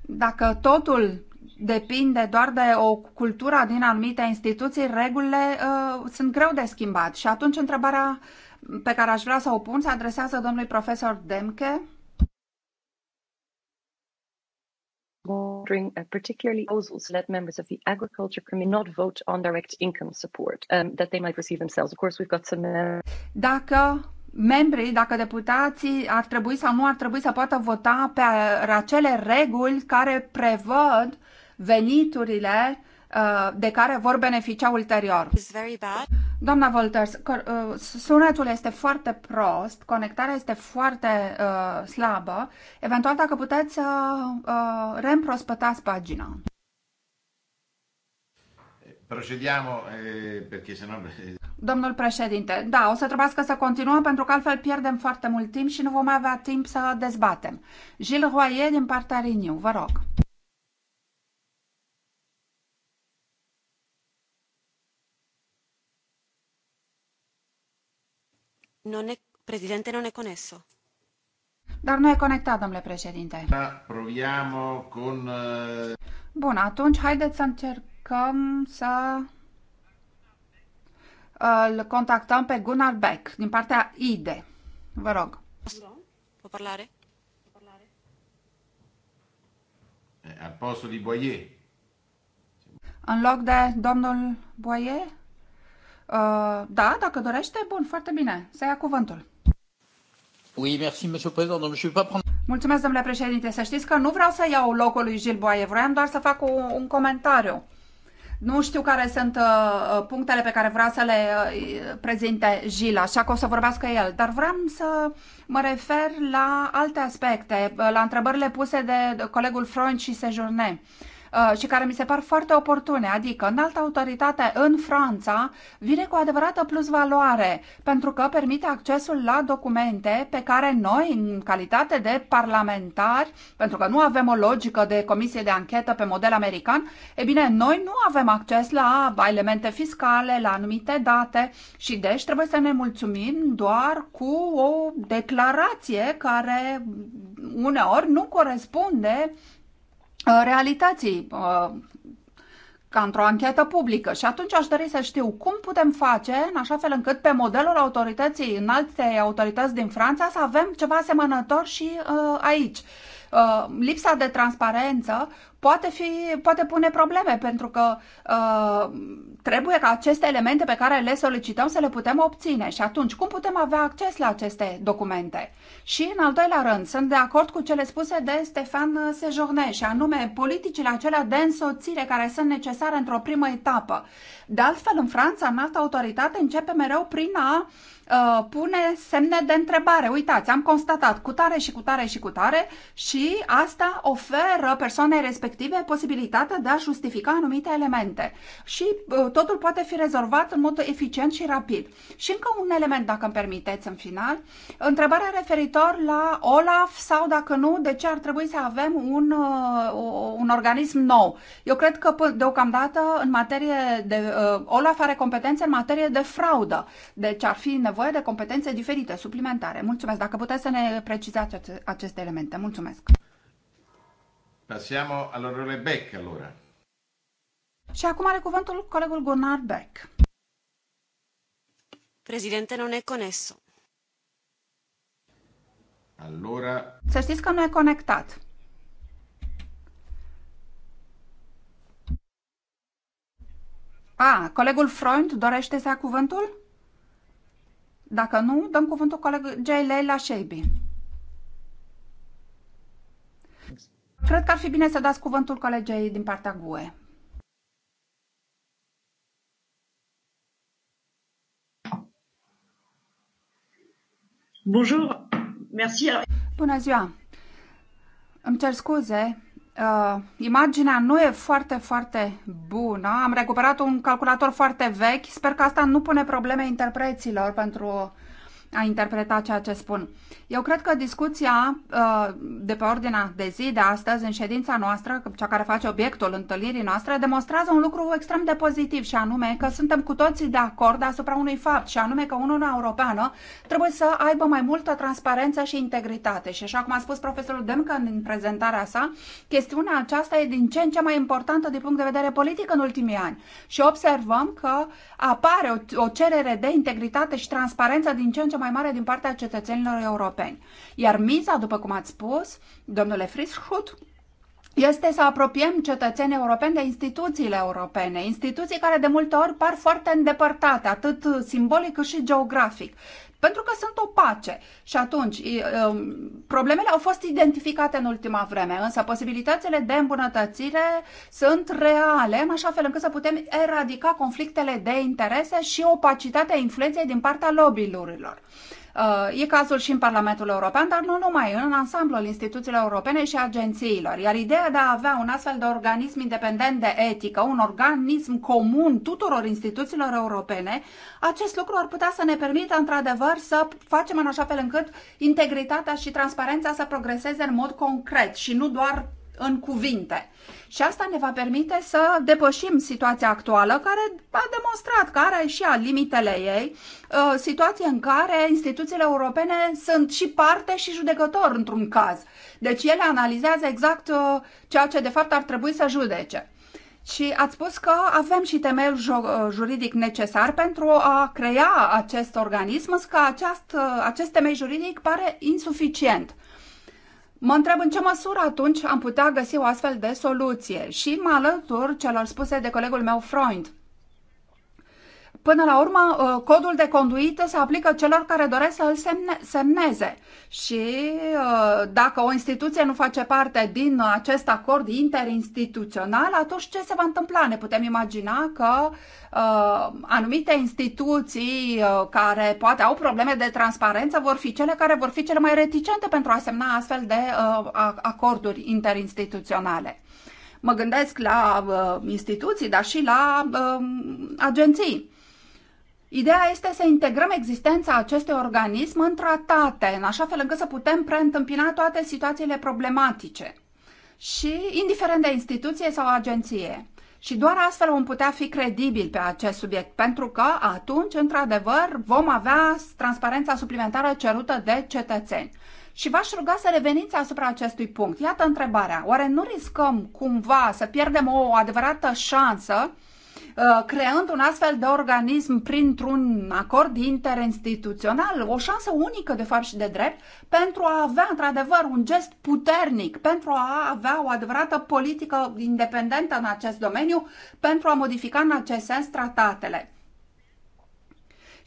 Dacă totul depinde doar de o cultură din anumite instituții, regulile uh, sunt greu de schimbat. Și atunci întrebarea uh, pe care aș vrea să o pun se adresează domnului profesor Demke. monitoring, uh, particularly proposals that members of the Agriculture Committee not vote on direct income support um, that they might receive themselves. Of course, we've got some. Uh, dacă membrii, dacă deputații ar trebui sau nu ar trebui să poată vota pe acele reguli care prevăd veniturile Uh, de care vor beneficia ulterior. Doamna Wolters, uh, sunetul este foarte prost, conectarea este foarte uh, slabă. Eventual, dacă puteți să uh, uh, reîmprospătați pagina. Procediamo, eh, sennò... Domnul președinte, da, o să trebuiască să continuăm pentru că altfel pierdem foarte mult timp și nu vom avea timp să dezbatem. Gilles Royer din partea Renew, vă rog. non e, presidente, non e connesso. Dar nu e conectat, domnule președinte. Da, proviamo con... Uh, Bun, atunci haideți să încercăm să uh, îl contactăm pe Gunnar Beck din partea IDE. Vă rog. Vă parlare? Eh, al posto di Boyer. În loc de domnul Boyer? Uh, da, dacă dorește, bun, foarte bine. Să ia cuvântul. Oui, merci, monsieur le président. je vais pas prendre... Mulțumesc, domnule președinte. Să știți că nu vreau să iau locul lui Gilles Boaie, vreau doar să fac un, un comentariu. Nu știu care sunt uh, uh punctele pe care vrea să le uh, prezinte Gila, așa că o să vorbească el, dar vreau să mă refer la alte aspecte, la întrebările puse de colegul Freund și Sejourne. Uh, Uh, și care mi se par foarte oportune, adică alta autoritate în Franța vine cu adevărată plus valoare, pentru că permite accesul la documente pe care noi, în calitate de parlamentari, pentru că nu avem o logică de comisie de anchetă pe model american, e bine, noi nu avem acces la elemente fiscale, la anumite date și deci trebuie să ne mulțumim doar cu o declarație care uneori nu corespunde Uh, realității, uh, ca într-o anchetă publică. Și atunci aș dori să știu cum putem face în așa fel încât pe modelul autorității, în alte autorități din Franța, să avem ceva asemănător și uh, aici. Uh, lipsa de transparență poate, fi, poate pune probleme, pentru că uh, trebuie ca aceste elemente pe care le solicităm să le putem obține. Și atunci, cum putem avea acces la aceste documente? Și, în al doilea rând, sunt de acord cu cele spuse de Stefan Sejourne, și anume politicile acelea de însoțire care sunt necesare într-o primă etapă. De altfel, în Franța, în alta autoritate începe mereu prin a uh, Uh, pune semne de întrebare. Uitați, am constatat cu tare și cu tare și cu tare și asta oferă persoanei respective posibilitatea de a justifica anumite elemente. Și uh, totul poate fi rezolvat în mod eficient și rapid. Și încă un element, dacă îmi permiteți, în final. Întrebarea referitor la OLAF sau, dacă nu, de ce ar trebui să avem un, uh, un organism nou. Eu cred că, deocamdată, în materie de... OLAF are competențe în materie de fraudă. Deci ar fi nevoie nevoie de competențe diferite, suplimentare. Mulțumesc. Dacă puteți să ne precizați aceste elemente. Mulțumesc. Passiamo all'onorevole Beck, allora. Și acum are cuvântul colegul Gunnar Beck. Președinte, nu e connesso. Allora... Să știți că nu e conectat. A, colegul Freund dorește să ia cuvântul? Dacă nu, dăm cuvântul colegei Leila Sheibi. Cred că ar fi bine să dați cuvântul colegei din partea GUE. Bonjour. Merci. Bună ziua. Îmi cer scuze uh, imaginea nu e foarte, foarte bună. Am recuperat un calculator foarte vechi. Sper că asta nu pune probleme interpreților pentru a interpreta ceea ce spun. Eu cred că discuția uh, de pe ordinea de zi de astăzi, în ședința noastră, cea care face obiectul întâlnirii noastre, demonstrează un lucru extrem de pozitiv și anume că suntem cu toții de acord asupra unui fapt și anume că Uniunea Europeană trebuie să aibă mai multă transparență și integritate. Și așa cum a spus profesorul Demcă în prezentarea sa, chestiunea aceasta e din ce în ce mai importantă din punct de vedere politic în ultimii ani. Și observăm că apare o cerere de integritate și transparență din ce în ce mai mai mare din partea cetățenilor europeni. Iar miza, după cum ați spus, domnule Frischhut, este să apropiem cetățenii europeni de instituțiile europene, instituții care de multe ori par foarte îndepărtate, atât simbolic cât și geografic. Pentru că sunt opace. Și atunci, um, problemele au fost identificate în ultima vreme, însă posibilitățile de îmbunătățire sunt reale, în așa fel încât să putem eradica conflictele de interese și opacitatea influenței din partea lobby-ilor lobby-urilor. Uh, e cazul și în Parlamentul European, dar nu numai, în ansamblul instituțiilor europene și agențiilor. Iar ideea de a avea un astfel de organism independent de etică, un organism comun tuturor instituțiilor europene, acest lucru ar putea să ne permită, într-adevăr, să facem în așa fel încât integritatea și transparența să progreseze în mod concret și nu doar în cuvinte. Și asta ne va permite să depășim situația actuală, care a demonstrat că are și a limitele ei, uh, situație în care instituțiile europene sunt și parte și judecător într-un caz. Deci ele analizează exact uh, ceea ce de fapt ar trebui să judece. Și ați spus că avem și temeiul uh, juridic necesar pentru a crea acest organism, că acest, acest temei juridic pare insuficient. Mă întreb în ce măsură atunci am putea găsi o astfel de soluție și mă alătur celor spuse de colegul meu Freund. Până la urmă, uh, codul de conduită se aplică celor care doresc să îl semne, semneze. Și uh, dacă o instituție nu face parte din acest acord interinstituțional, atunci ce se va întâmpla? Ne putem imagina că uh, anumite instituții care poate au probleme de transparență vor fi cele care vor fi cele mai reticente pentru a semna astfel de acorduri interinstituționale mă gândesc la instituții, dar și la agenții. Ideea este să integrăm existența acestui organism în tratate, în așa fel încât să putem preîntâmpina toate situațiile problematice și indiferent de instituție sau agenție. Și doar astfel vom putea fi credibili pe acest subiect, pentru că atunci, într-adevăr, vom avea transparența suplimentară cerută de cetățeni. Și v-aș ruga să reveniți asupra acestui punct. Iată întrebarea. Oare nu riscăm cumva să pierdem o adevărată șansă Uh, creând un astfel de organism printr-un acord interinstituțional, o șansă unică de fapt și de drept pentru a avea într-adevăr un gest puternic, pentru a avea o adevărată politică independentă în acest domeniu, pentru a modifica în acest sens tratatele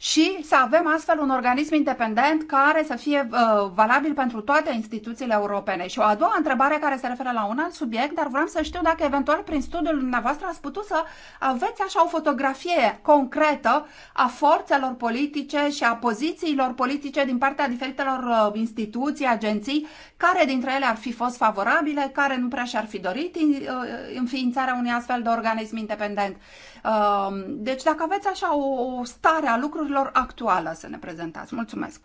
și să avem astfel un organism independent care să fie uh, valabil pentru toate instituțiile europene. Și o a doua întrebare care se referă la un alt subiect, dar vreau să știu dacă eventual prin studiul dumneavoastră ați putut să aveți așa o fotografie concretă a forțelor politice și a pozițiilor politice din partea diferitelor uh, instituții, agenții, care dintre ele ar fi fost favorabile, care nu prea și-ar fi dorit uh, înființarea unui astfel de organism independent. Um, deci dacă aveți așa o stare a lucrurilor actuală să ne prezentați. Mulțumesc!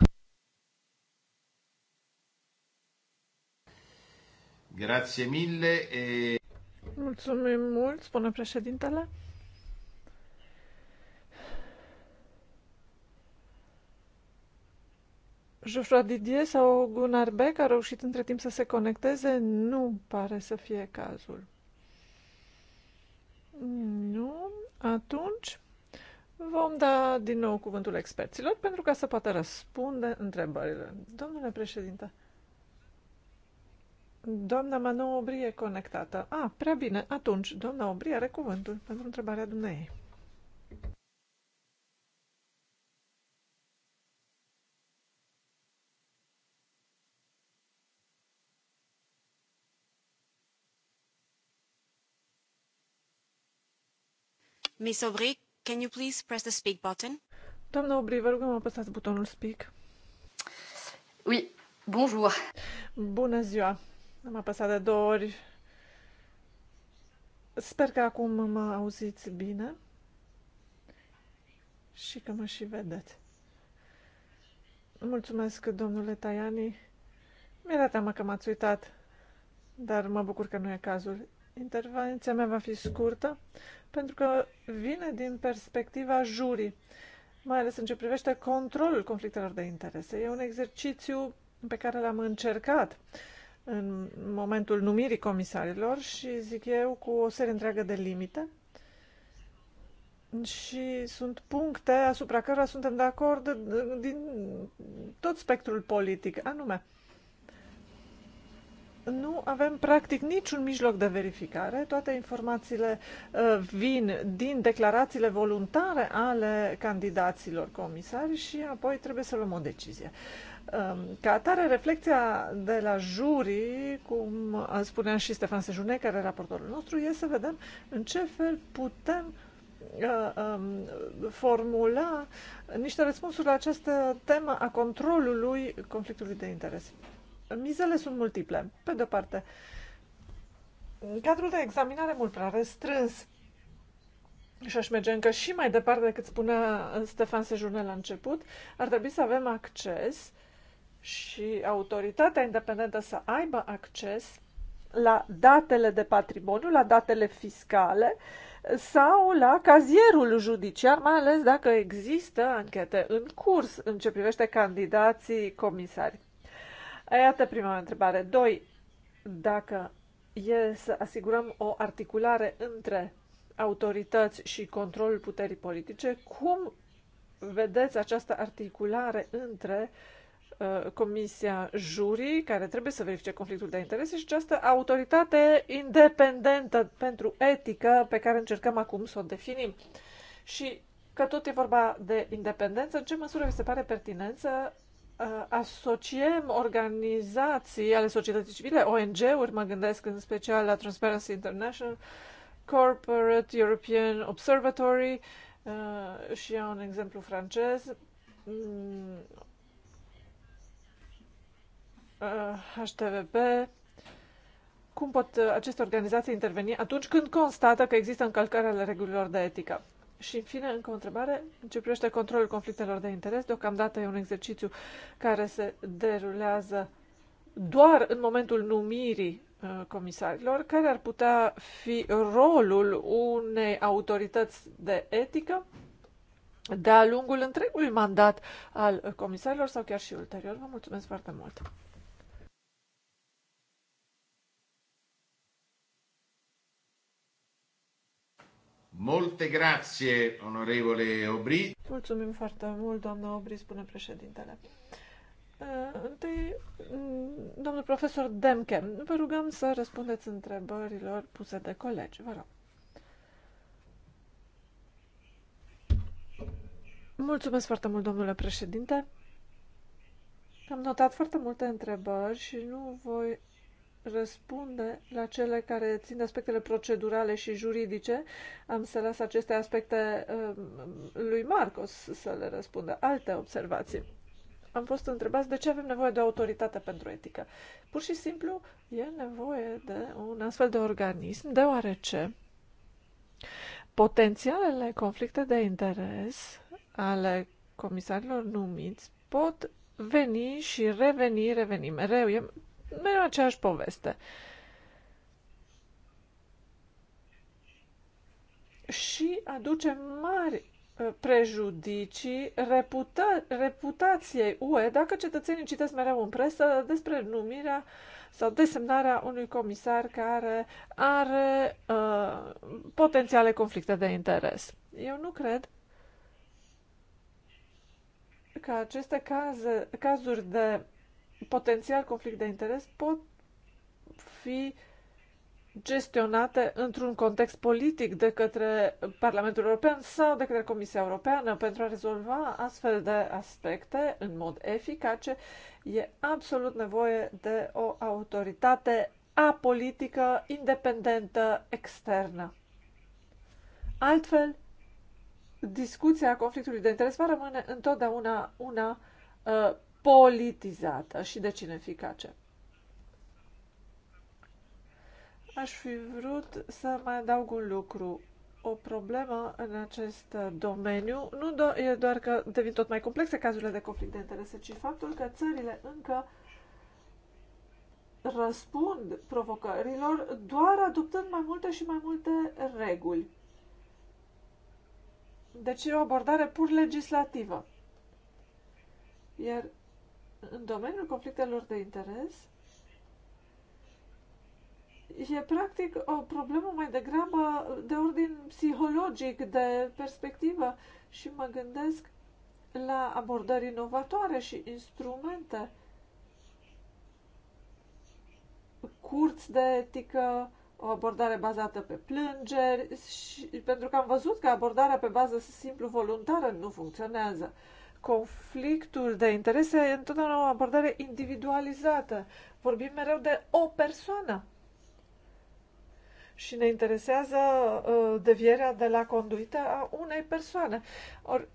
Grazie mille e... Mulțumim mult, spune președintele. Jufra Didier sau Gunnar Beck a reușit între timp să se conecteze? Nu pare să fie cazul. Nu? Atunci vom da din nou cuvântul experților pentru ca să poată răspunde întrebările. Domnule președinte, doamna Manu Obrie conectată. A, ah, prea bine. Atunci, doamna Obrie are cuvântul pentru întrebarea dumneei. can you please press the speak button? Doamna Obri, vă rugăm apăsați butonul speak. Oui, bonjour. Bună ziua. Am apăsat de două ori. Sper că acum mă auziți bine și că mă și vedeți. Mulțumesc, domnule Tajani. Mi-era teamă că m-ați uitat, dar mă bucur că nu e cazul. Intervenția mea va fi scurtă pentru că vine din perspectiva jurii, mai ales în ce privește controlul conflictelor de interese. E un exercițiu pe care l-am încercat în momentul numirii comisarilor și, zic eu, cu o serie întreagă de limite. Și sunt puncte asupra cărora suntem de acord din tot spectrul politic, anume nu avem practic niciun mijloc de verificare. Toate informațiile uh, vin din declarațiile voluntare ale candidaților comisari și apoi trebuie să luăm o decizie. Uh, ca atare, reflecția de la juri, cum uh, spunea și Stefan Sejune, care e raportorul nostru, e să vedem în ce fel putem uh, um, formula niște răspunsuri la această temă a controlului conflictului de interese. Mizele sunt multiple. Pe de-o parte, cadrul de examinare mult prea restrâns și aș merge încă și mai departe decât spunea Stefan Sejurne la început, ar trebui să avem acces și autoritatea independentă să aibă acces la datele de patrimoniu, la datele fiscale sau la cazierul judiciar, mai ales dacă există anchete în curs în ce privește candidații comisari. Iată prima întrebare. Doi, dacă e să asigurăm o articulare între autorități și controlul puterii politice, cum vedeți această articulare între uh, Comisia Jurii, care trebuie să verifice conflictul de interese, și această autoritate independentă pentru etică pe care încercăm acum să o definim. Și că tot e vorba de independență, în ce măsură vi se pare pertinent să asociem organizații ale societății civile, ONG-uri, mă gândesc în special la Transparency International, Corporate European Observatory și iau un exemplu francez, mm, HTVP, cum pot aceste organizații interveni atunci când constată că există încălcări ale regulilor de etică. Și, în fine, încă o întrebare. În ce privește controlul conflictelor de interes, deocamdată e un exercițiu care se derulează doar în momentul numirii uh, comisarilor, care ar putea fi rolul unei autorități de etică de-a lungul întregului mandat al comisarilor sau chiar și ulterior. Vă mulțumesc foarte mult! Multe grazie, onorevole Obri. Mulțumim foarte mult, doamna Obri, spune președintele. Uh, întâi, mm, domnul profesor Demke, vă rugăm să răspundeți întrebărilor puse de colegi. Vă rog. Mulțumesc foarte mult, domnule președinte. Am notat foarte multe întrebări și nu voi răspunde la cele care țin de aspectele procedurale și juridice. Am să las aceste aspecte um, lui Marcos să le răspundă. Alte observații. Am fost întrebați de ce avem nevoie de o autoritate pentru etică. Pur și simplu e nevoie de un astfel de organism, deoarece potențialele conflicte de interes ale comisarilor numiți pot veni și reveni, reveni mereu. E mereu aceeași poveste. Și aduce mari uh, prejudicii reputa- reputației UE dacă cetățenii citesc mereu în presă despre numirea sau desemnarea unui comisar care are uh, potențiale conflicte de interes. Eu nu cred că aceste caz, cazuri de potențial conflict de interes pot fi gestionate într-un context politic de către Parlamentul European sau de către Comisia Europeană pentru a rezolva astfel de aspecte în mod eficace, e absolut nevoie de o autoritate apolitică, independentă, externă. Altfel, discuția conflictului de interes va rămâne întotdeauna una uh, politizată și de deci ineficace. Aș fi vrut să mai adaug un lucru. O problemă în acest domeniu nu do- e doar că devin tot mai complexe cazurile de conflict de interese, ci faptul că țările încă răspund provocărilor doar adoptând mai multe și mai multe reguli. Deci e o abordare pur legislativă. Iar în domeniul conflictelor de interes, e practic o problemă mai degrabă de ordin psihologic, de perspectivă și mă gândesc la abordări inovatoare și instrumente, curți de etică, o abordare bazată pe plângeri și pentru că am văzut că abordarea pe bază simplu voluntară nu funcționează. Uh, conflictul de interese e întotdeauna o abordare individualizată. Vorbim mereu de o persoană. Și ne interesează uh, devierea de la conduită a unei persoane. Or,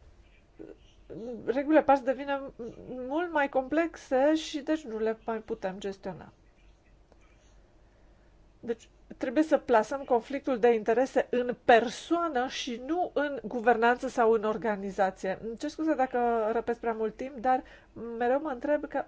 regulile pas să devină mult mai complexe și deci nu le mai putem gestiona. Deci trebuie să plasăm conflictul de interese în persoană și nu în guvernanță sau în organizație. Ce scuze dacă răpesc prea mult timp, dar mereu mă întreb că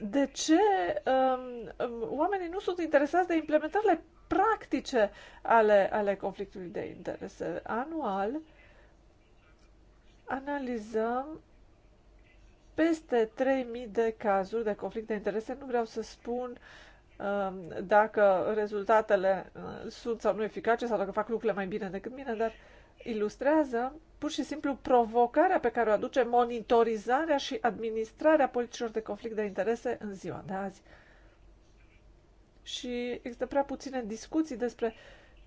de ce um, um, oamenii nu sunt interesați de implementările practice ale, ale conflictului de interese. Anual analizăm peste 3.000 de cazuri de conflict de interese. Nu vreau să spun um, dacă rezultatele uh, sunt sau nu eficace sau dacă fac lucrurile mai bine decât mine, dar ilustrează pur și simplu provocarea pe care o aduce monitorizarea și administrarea politicilor de conflict de interese în ziua de azi. Și există prea puține discuții despre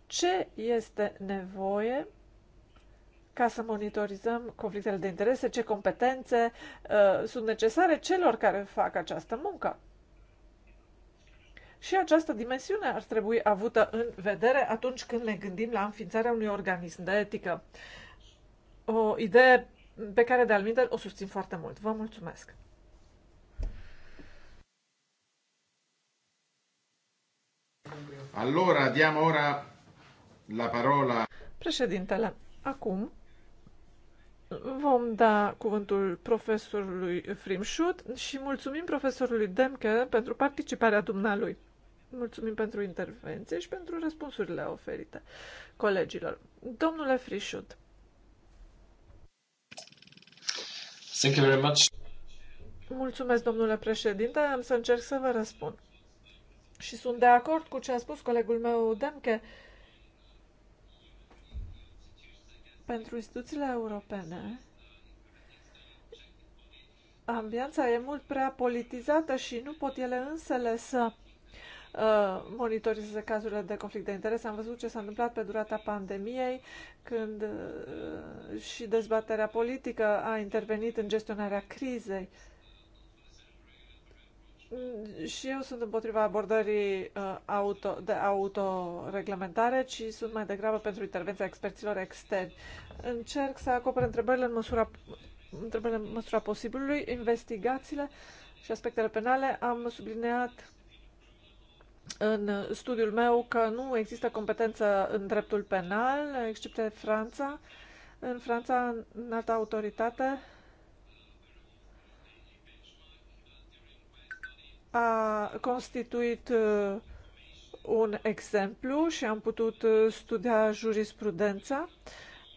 ce este nevoie ca să monitorizăm conflictele de interese, ce competențe uh, sunt necesare celor care fac această muncă. Și această dimensiune ar trebui avută în vedere atunci când ne gândim la înființarea unui organism de etică. O idee pe care de-al o susțin foarte mult. Vă mulțumesc! Allora diamo ora la parola. Președintele, acum Vom da cuvântul profesorului Frimșut și mulțumim profesorului Demke pentru participarea dumnealui. Mulțumim pentru intervenție și pentru răspunsurile oferite colegilor. Domnule Frișut. Thank you very much. Mulțumesc, domnule președinte. Am să încerc să vă răspund. Și sunt de acord cu ce a spus colegul meu Demke. Uh, pentru instituțiile europene, ambianța e mult prea politizată și nu pot ele însele să uh, monitorizeze cazurile de conflict de interes. Am văzut ce s-a întâmplat pe durata pandemiei, când uh, și dezbaterea politică a intervenit în gestionarea crizei. Uh, și eu sunt împotriva abordării uh, auto, de autoreglementare, ci sunt mai degrabă pentru intervenția experților externi. Încerc să acopăr întrebările în măsura, întrebările în măsura posibilului, investigațiile și aspectele penale. Am subliniat în studiul meu că nu există competență în dreptul penal, excepte Franța. În Franța, în alta autoritate, a constituit uh, un exemplu și am putut uh, studia jurisprudența.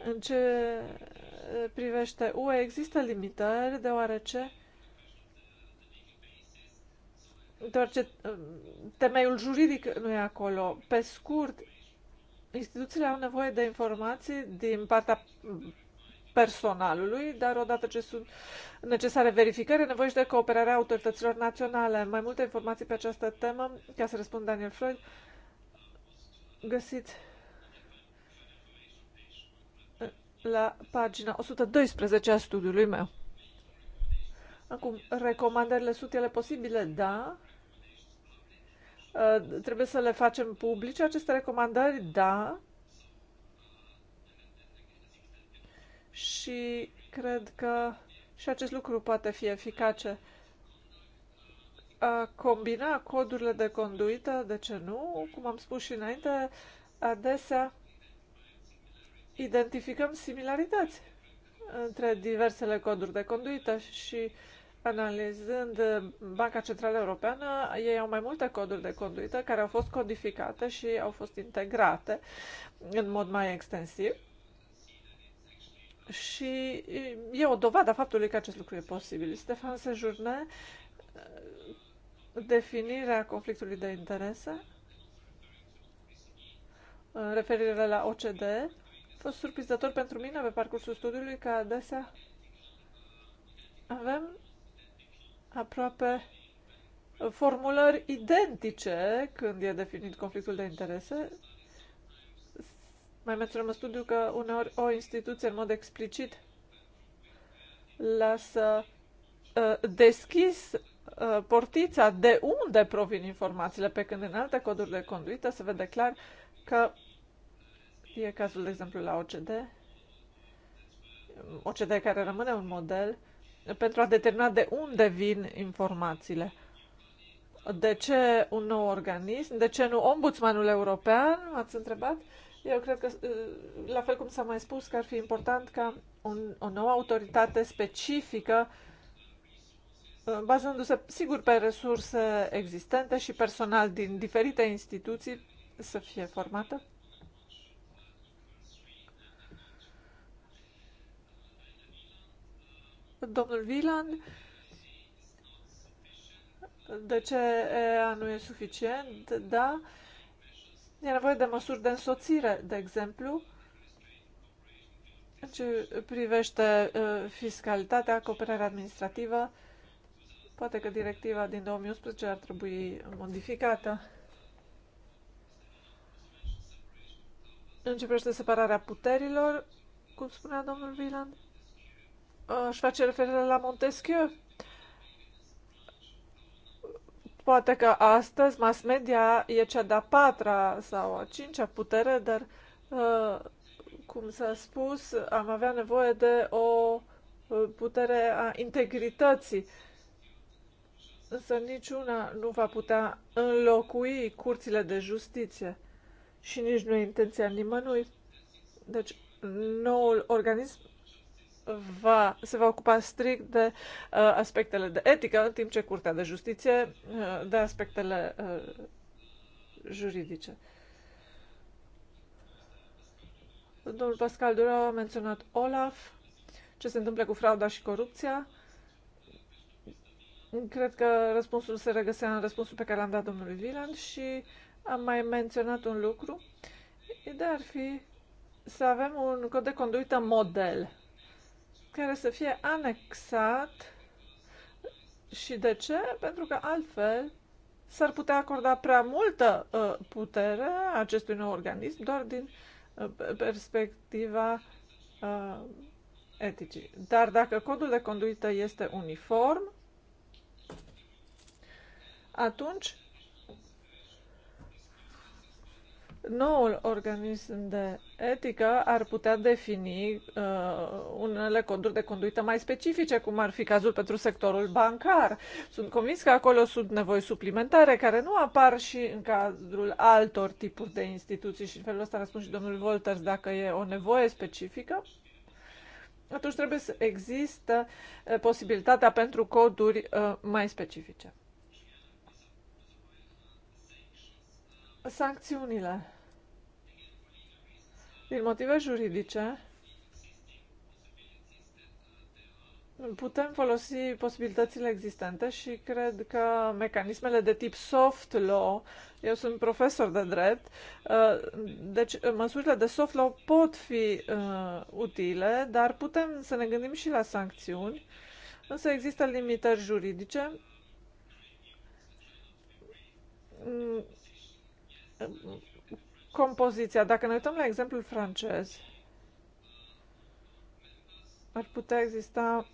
În ce uh, privește UE există limitări deoarece deoarece temeiul juridic nu e acolo. Pe scurt, instituțiile au nevoie de informații din partea personalului, dar odată ce sunt necesare verificări, nevoie și de cooperarea autorităților naționale. Mai multe informații pe această temă, ca să răspund Daniel Freud, găsiți la pagina 112 a studiului meu. Acum, recomandările sunt ele posibile? Da. Uh, trebuie să le facem publice aceste recomandări? Da. și cred că și acest lucru poate fi eficace. A combina codurile de conduită, de ce nu? Cum am spus și înainte, adesea identificăm similarități între diversele coduri de conduită și analizând Banca Centrală Europeană, ei au mai multe coduri de conduită care au fost codificate și au fost integrate în mod mai extensiv și e o dovadă a faptului că acest lucru e posibil. Stefan Sejourne, definirea conflictului de interese, în referire la OCD, a fost surprizător pentru mine pe parcursul studiului că adesea avem aproape formulări identice când e definit conflictul de interese, mai menționăm în studiu că uneori o instituție în mod explicit lasă uh, deschis uh, portița de unde provin informațiile, pe când în alte coduri de conduită se vede clar că e cazul, de exemplu, la OCD, OCD care rămâne un model pentru a determina de unde vin informațiile. De ce un nou organism? De ce nu ombudsmanul european? M-ați întrebat? Uh, eu cred că, uh, la fel cum s-a mai spus, că ar fi important ca un, o nouă autoritate specifică, uh, bazându-se, sigur, pe resurse existente și personal din diferite instituții, să fie formată. Domnul Wieland, de ce EA nu e suficient? Da, uh, E nevoie de măsuri de însoțire, de exemplu, în ce privește uh, fiscalitatea, cooperarea administrativă. Poate că directiva din 2011 ar trebui modificată. În ce privește separarea puterilor, cum spunea domnul Wieland, aș face referire la Montesquieu, Poate că astăzi mass media e cea de-a patra sau a cincea putere, dar, uh, cum s-a spus, am avea nevoie de o uh, putere a integrității. Însă niciuna nu va putea înlocui curțile de justiție și nici nu e intenția nimănui. Deci, noul organism va, se va ocupa strict de uh, aspectele de etică, în timp ce Curtea de Justiție uh, de aspectele uh, juridice. Domnul Pascal Dura a menționat Olaf, ce se întâmplă cu frauda și corupția. Cred că răspunsul se regăsea în răspunsul pe care l-am dat domnului Viland și am mai menționat un lucru. Ideea ar fi să avem un cod de conduită model care să fie anexat și de ce? Pentru că altfel s-ar putea acorda prea multă uh, putere acestui nou organism doar din uh, perspectiva uh, eticii. Dar dacă codul de conduită este uniform, atunci Noul organism de etică ar putea defini uh, unele coduri de conduită mai specifice, cum ar fi cazul pentru sectorul bancar. Sunt convins că acolo sunt nevoi suplimentare care nu apar și în cadrul altor tipuri de instituții și în felul ăsta răspund și domnul Wolters dacă e o nevoie specifică atunci trebuie să există uh, posibilitatea pentru coduri uh, mai specifice. Sancțiunile. Din motive juridice, putem folosi posibilitățile existente și cred că mecanismele de tip soft law, eu sunt profesor de drept, uh, deci uh, măsurile de soft law pot fi uh, utile, dar putem să ne gândim și la sancțiuni, însă există limitări juridice mm, compoziția. Dacă ne uităm la exemplul francez, ar putea exista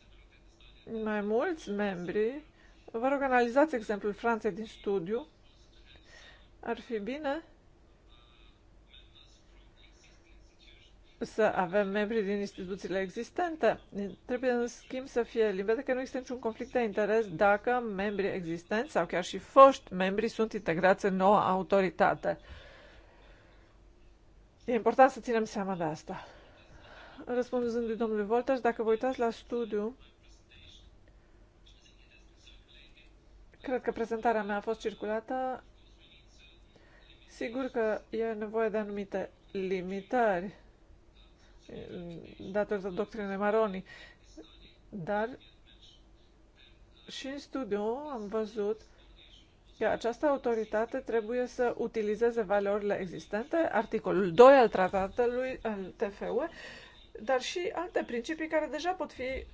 mai mulți membri. Vă rog, analizați exemplul Franței din studiu. Ar fi bine să avem membri din instituțiile existente. Trebuie, în schimb, să fie limpede că nu există niciun conflict de interes dacă membrii existenți sau chiar și foști membri sunt integrați în noua autoritate. E important să ținem seama de asta. Răspunzându-i domnului Voltaș, dacă vă uitați la studiu, cred că prezentarea mea a fost circulată. Sigur că e nevoie de anumite limitări datorită doctrinei Maroni, dar și în studiu am văzut că această autoritate trebuie să utilizeze valorile existente, articolul 2 al tratatului, al TFU, dar și alte principii care deja pot fi uh,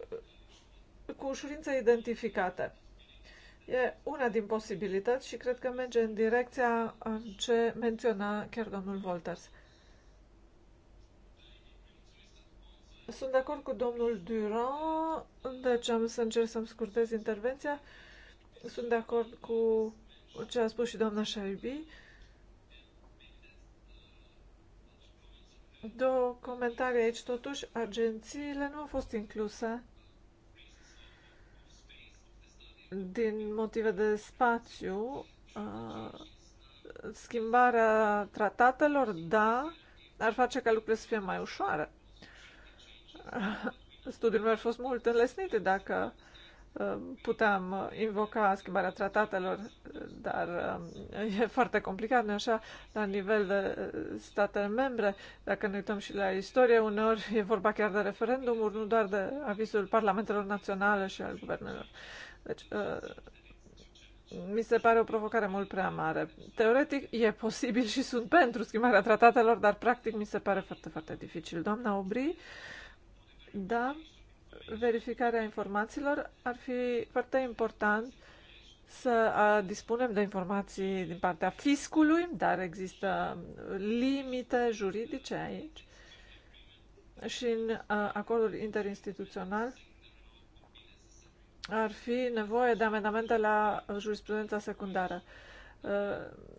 cu ușurință identificate. E una din posibilități și cred că merge în direcția în ce menționa chiar domnul Volters. Sunt de acord cu domnul Durand, deci am să încerc să-mi scurtez intervenția. Sunt de acord cu ce a spus și doamna Șaibi, două comentarii aici. Totuși, agențiile nu au fost incluse din motive de spațiu. Schimbarea tratatelor, da, ar face ca lucrurile să fie mai ușoare. Studiul meu ar fost mult înlesnit dacă uh, putem invoca schimbarea tratatelor, dar eh, e foarte complicat, nu așa, la nivel de eh, statele membre. Dacă ne uităm și la istorie, uneori e vorba chiar de referendumuri, nu doar de avizul parlamentelor naționale și al guvernelor. Deci, eh, mi se pare o provocare mult prea mare. Teoretic, e posibil și sunt pentru schimbarea tratatelor, dar practic mi se pare foarte, foarte dificil. Doamna Obri, da, verificarea informațiilor, ar fi foarte important să dispunem de informații din partea fiscului, dar există limite juridice aici și în acordul interinstituțional ar fi nevoie de amendamente la jurisprudența secundară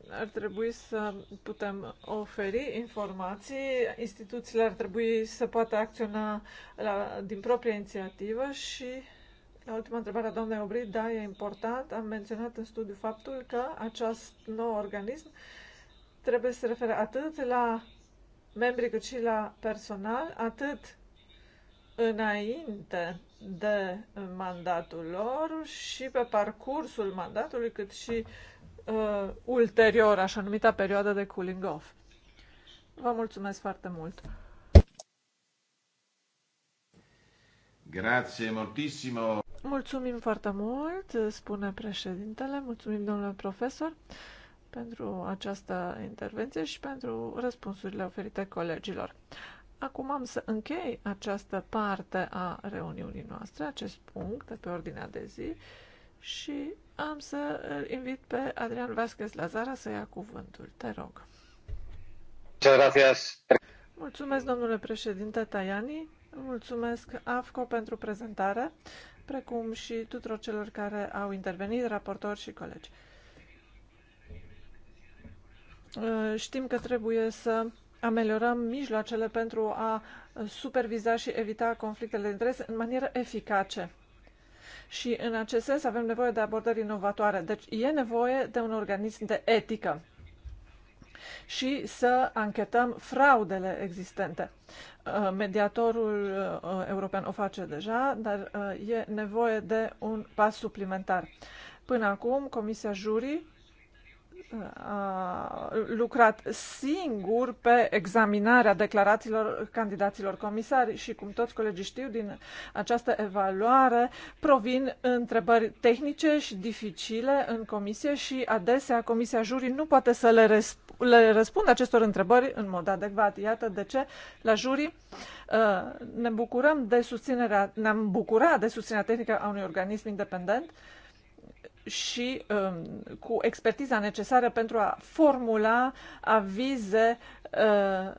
ar trebui să putem oferi informații, instituțiile ar trebui să poată acționa la, din propria inițiativă și la ultima întrebare a doamnei Obrit, da, e important, am menționat în studiu faptul că acest nou organism trebuie să se refere atât la membri cât și la personal, atât înainte de mandatul lor și pe parcursul mandatului, cât și uh, ulterior, așa numita perioadă de cooling off. Vă mulțumesc foarte mult! Grazie moltissimo! Mulțumim foarte mult, spune președintele, mulțumim domnule profesor pentru această intervenție și pentru răspunsurile oferite colegilor. Acum am să închei această parte a reuniunii noastre, acest punct de pe ordinea de zi și am să îl invit pe Adrian Vasquez Lazara să ia cuvântul. Te rog. Mulțumesc, domnule președinte Tajani. Mulțumesc AFCO pentru prezentare, precum și tuturor celor care au intervenit, raportori și colegi. Uh, știm că trebuie să ameliorăm mijloacele pentru a superviza și evita conflictele de interese în manieră eficace. Și în acest sens avem nevoie de abordări inovatoare. Deci e nevoie de un organism de etică și să anchetăm fraudele existente. Uh, mediatorul uh, european o face deja, dar uh, e nevoie de un pas suplimentar. Până acum, Comisia Jurii a lucrat singur pe examinarea declarațiilor candidaților comisari și, cum toți colegii știu, din această evaluare provin întrebări tehnice și dificile în comisie și adesea Comisia Jurii nu poate să le, răsp- le răspundă acestor întrebări în mod adecvat. Iată de ce la jurii ne bucurăm de susținerea, ne-am bucurat de susținerea tehnică a unui organism independent și um, cu expertiza necesară pentru a formula avize uh,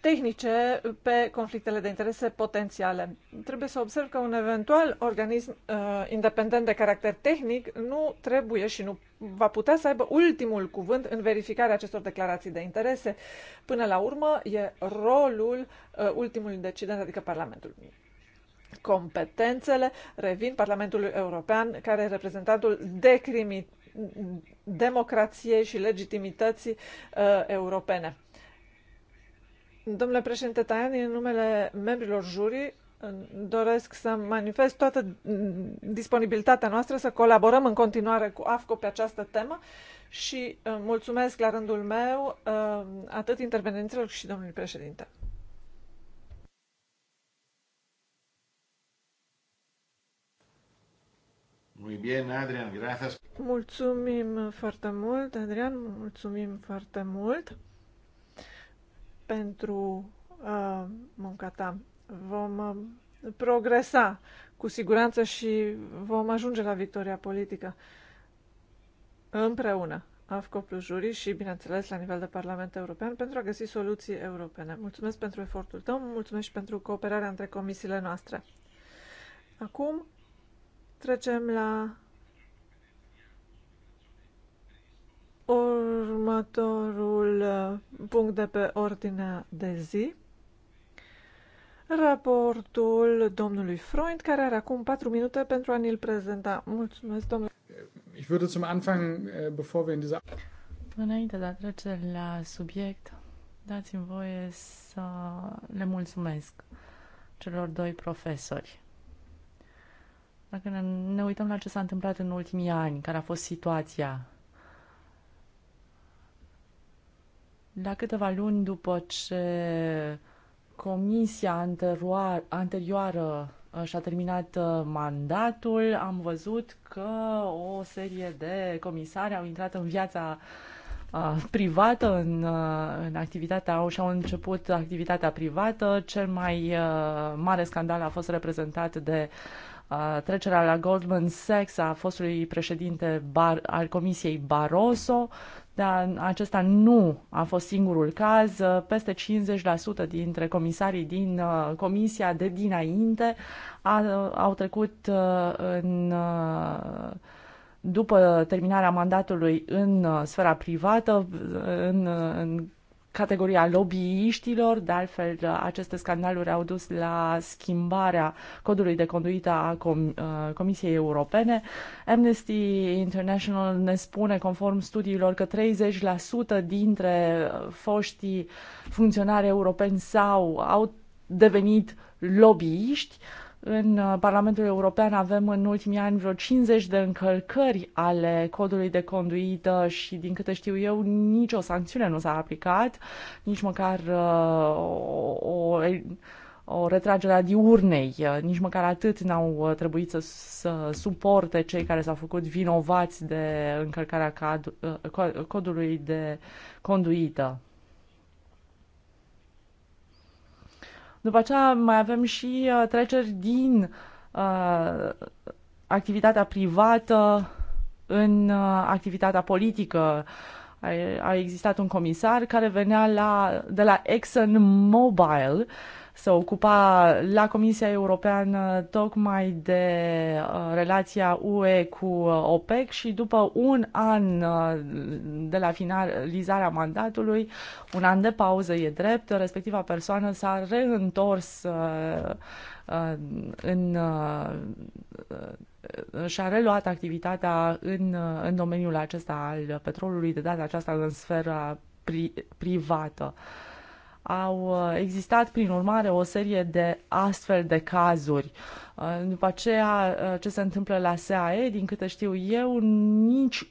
tehnice pe conflictele de interese potențiale. Trebuie să observ că un eventual organism uh, independent de caracter tehnic nu trebuie și nu va putea să aibă ultimul cuvânt în verificarea acestor declarații de interese. Până la urmă, e rolul uh, ultimului decident, adică Parlamentului competențele revin Parlamentului European, care e reprezentantul decrimi, democrației și legitimității uh, europene. Domnule președinte Tajani, în numele membrilor jurii, doresc să manifest toată disponibilitatea noastră să colaborăm în continuare cu AFCO pe această temă și uh, mulțumesc la rândul meu uh, atât intervenenților și domnului președinte. Muy bien, Adrian, gracias. Mulțumim foarte mult, Adrian, mulțumim foarte mult pentru uh, munca ta. Vom uh, progresa cu siguranță și vom ajunge la victoria politică împreună, AFCO plus jurii și, bineînțeles, la nivel de Parlament European, pentru a găsi soluții europene. Mulțumesc pentru efortul tău, mulțumesc și pentru cooperarea între comisiile noastre. Acum Trecem la următorul uh, punct de pe ordinea de zi. Raportul domnului Freund, care are acum 4 minute pentru a ne-l prezenta. Mulțumesc, domnule. Ich würde zum Anfang, uh, bevor wir in dieser... Înainte de a trece la subiect, dați-mi voie să le mulțumesc celor doi profesori dacă ne, ne uităm la ce s-a întâmplat în ultimii ani, care a fost situația, la câteva luni după ce comisia anterioară, anterioară uh, și-a terminat uh, mandatul, am văzut că o serie de comisari au intrat în viața uh, privată, în, în activitatea, au și-au început activitatea privată. Cel mai mare scandal a fost reprezentat de trecerea la Goldman Sachs a fostului președinte Bar- al Comisiei Barroso, dar acesta nu a fost singurul caz. Peste 50% dintre comisarii din uh, comisia de dinainte a, au trecut uh, în uh, după terminarea mandatului în sfera privată, în, în categoria lobbyiștilor. De altfel, aceste scandaluri au dus la schimbarea codului de conduită a Com uh, Comisiei Europene. Amnesty International ne spune, conform studiilor, că 30% dintre uh, foștii funcționari europeni sau au devenit lobbyiști. Uh, în uh, Parlamentul European avem în ultimii ani vreo 50 de încălcări ale codului de conduită și, din câte știu eu, nicio sancțiune nu s-a aplicat, nici măcar uh, o, o retragere a diurnei, uh, nici măcar atât n-au uh, trebuit să, să suporte cei care s-au făcut vinovați de încălcarea cad, codului de conduită. După aceea mai avem și uh, treceri din uh, activitatea privată în uh, activitatea politică. A, a existat un comisar care venea la, de la ExxonMobil uh, se ocupa la Comisia Europeană tocmai de uh, relația UE cu uh, OPEC și după un an uh, de la finalizarea mandatului, un an de pauză e drept, respectiva persoană s-a reîntors în și-a reluat activitatea în, în domeniul acesta al petrolului, de data aceasta în sfera pri, privată. Uh, au uh, existat, prin urmare, o serie de astfel de cazuri. Uh, după aceea, uh, ce se întâmplă la SAE, din câte știu eu, nici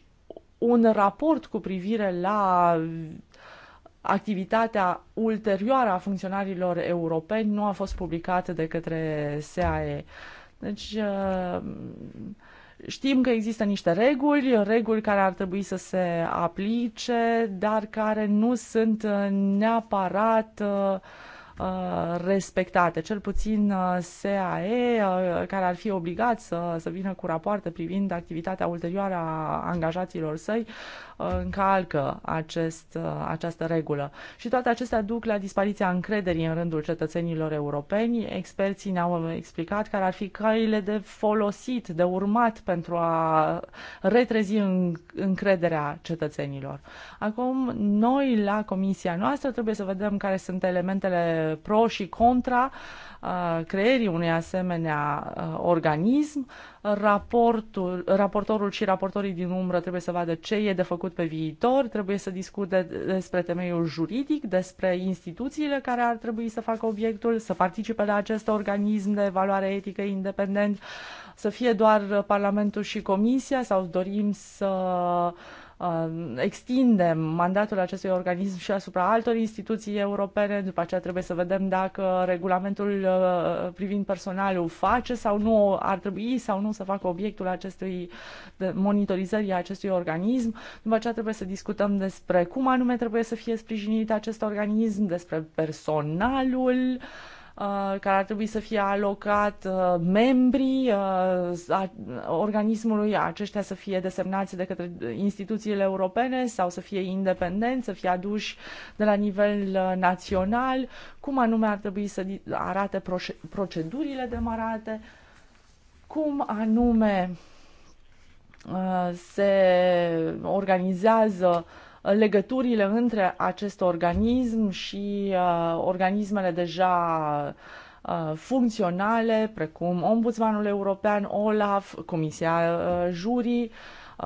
un raport cu privire la activitatea ulterioară a funcționarilor europeni nu a fost publicată de către SAE. Deci, Știm că există niște reguli, reguli care ar trebui să se aplice, dar care nu sunt neapărat uh, Uh, respectate. Cel puțin uh, SAE, uh, care ar fi obligat să, să vină cu rapoarte privind activitatea ulterioară a angajaților săi, încalcă acest, această regulă. Și toate acestea duc la dispariția încrederii în rândul cetățenilor europeni. Experții ne-au explicat care ar fi căile de folosit, de urmat pentru a retrezi încrederea cetățenilor. Acum, noi la comisia noastră trebuie să vedem care sunt elementele pro și contra uh, creierii unui asemenea uh, organism. Raportul, raportorul și raportorii din umbră trebuie să vadă ce e de făcut pe viitor, trebuie să discute despre temeiul juridic, despre instituțiile care ar trebui să facă obiectul, să participe la acest organism de evaluare etică independent, să fie doar Parlamentul și Comisia sau dorim să uh, Uh, extindem mandatul acestui organism și asupra altor instituții europene. După aceea trebuie să vedem dacă regulamentul uh, privind personalul face sau nu, ar trebui sau nu să facă obiectul acestui monitorizării acestui organism. După aceea trebuie să discutăm despre cum anume trebuie să fie sprijinit acest organism, despre personalul uh, Uh, care ar trebui să fie alocat uh, membrii uh, organismului, aceștia să fie desemnați de către instituțiile europene sau să fie independenți, să fie aduși de la nivel național, cum anume ar trebui să arate procedurile demarate, cum anume se organizează uh, Uh, legăturile între acest organism și uh, organismele deja uh, funcționale, precum Ombudsmanul European, OLAF, Comisia uh, Jurii,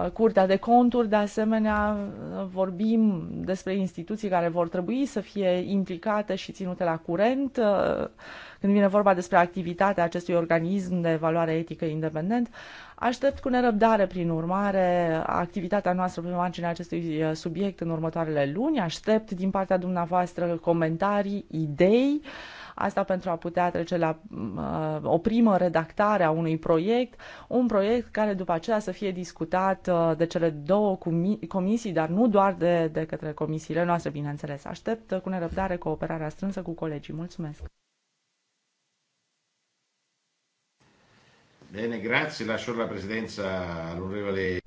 uh, Curtea de Conturi, de asemenea, uh, vorbim despre instituții care vor trebui să fie implicate și ținute la curent când vine vorba despre activitatea acestui organism de evaluare etică independent. Uh, Aștept cu nerăbdare, prin urmare, activitatea noastră pe marginea acestui uh, subiect în următoarele luni. Aștept din partea dumneavoastră comentarii, idei. Asta pentru a putea trece la uh, o primă redactare a unui proiect, un proiect care după aceea să fie discutat uh, de cele două comi- comisii, dar nu doar de, de către comisiile noastre, bineînțeles. Aștept cu nerăbdare cooperarea strânsă cu colegii. Mulțumesc! Bine, grazie. Lascio la presidenza all'onorevole.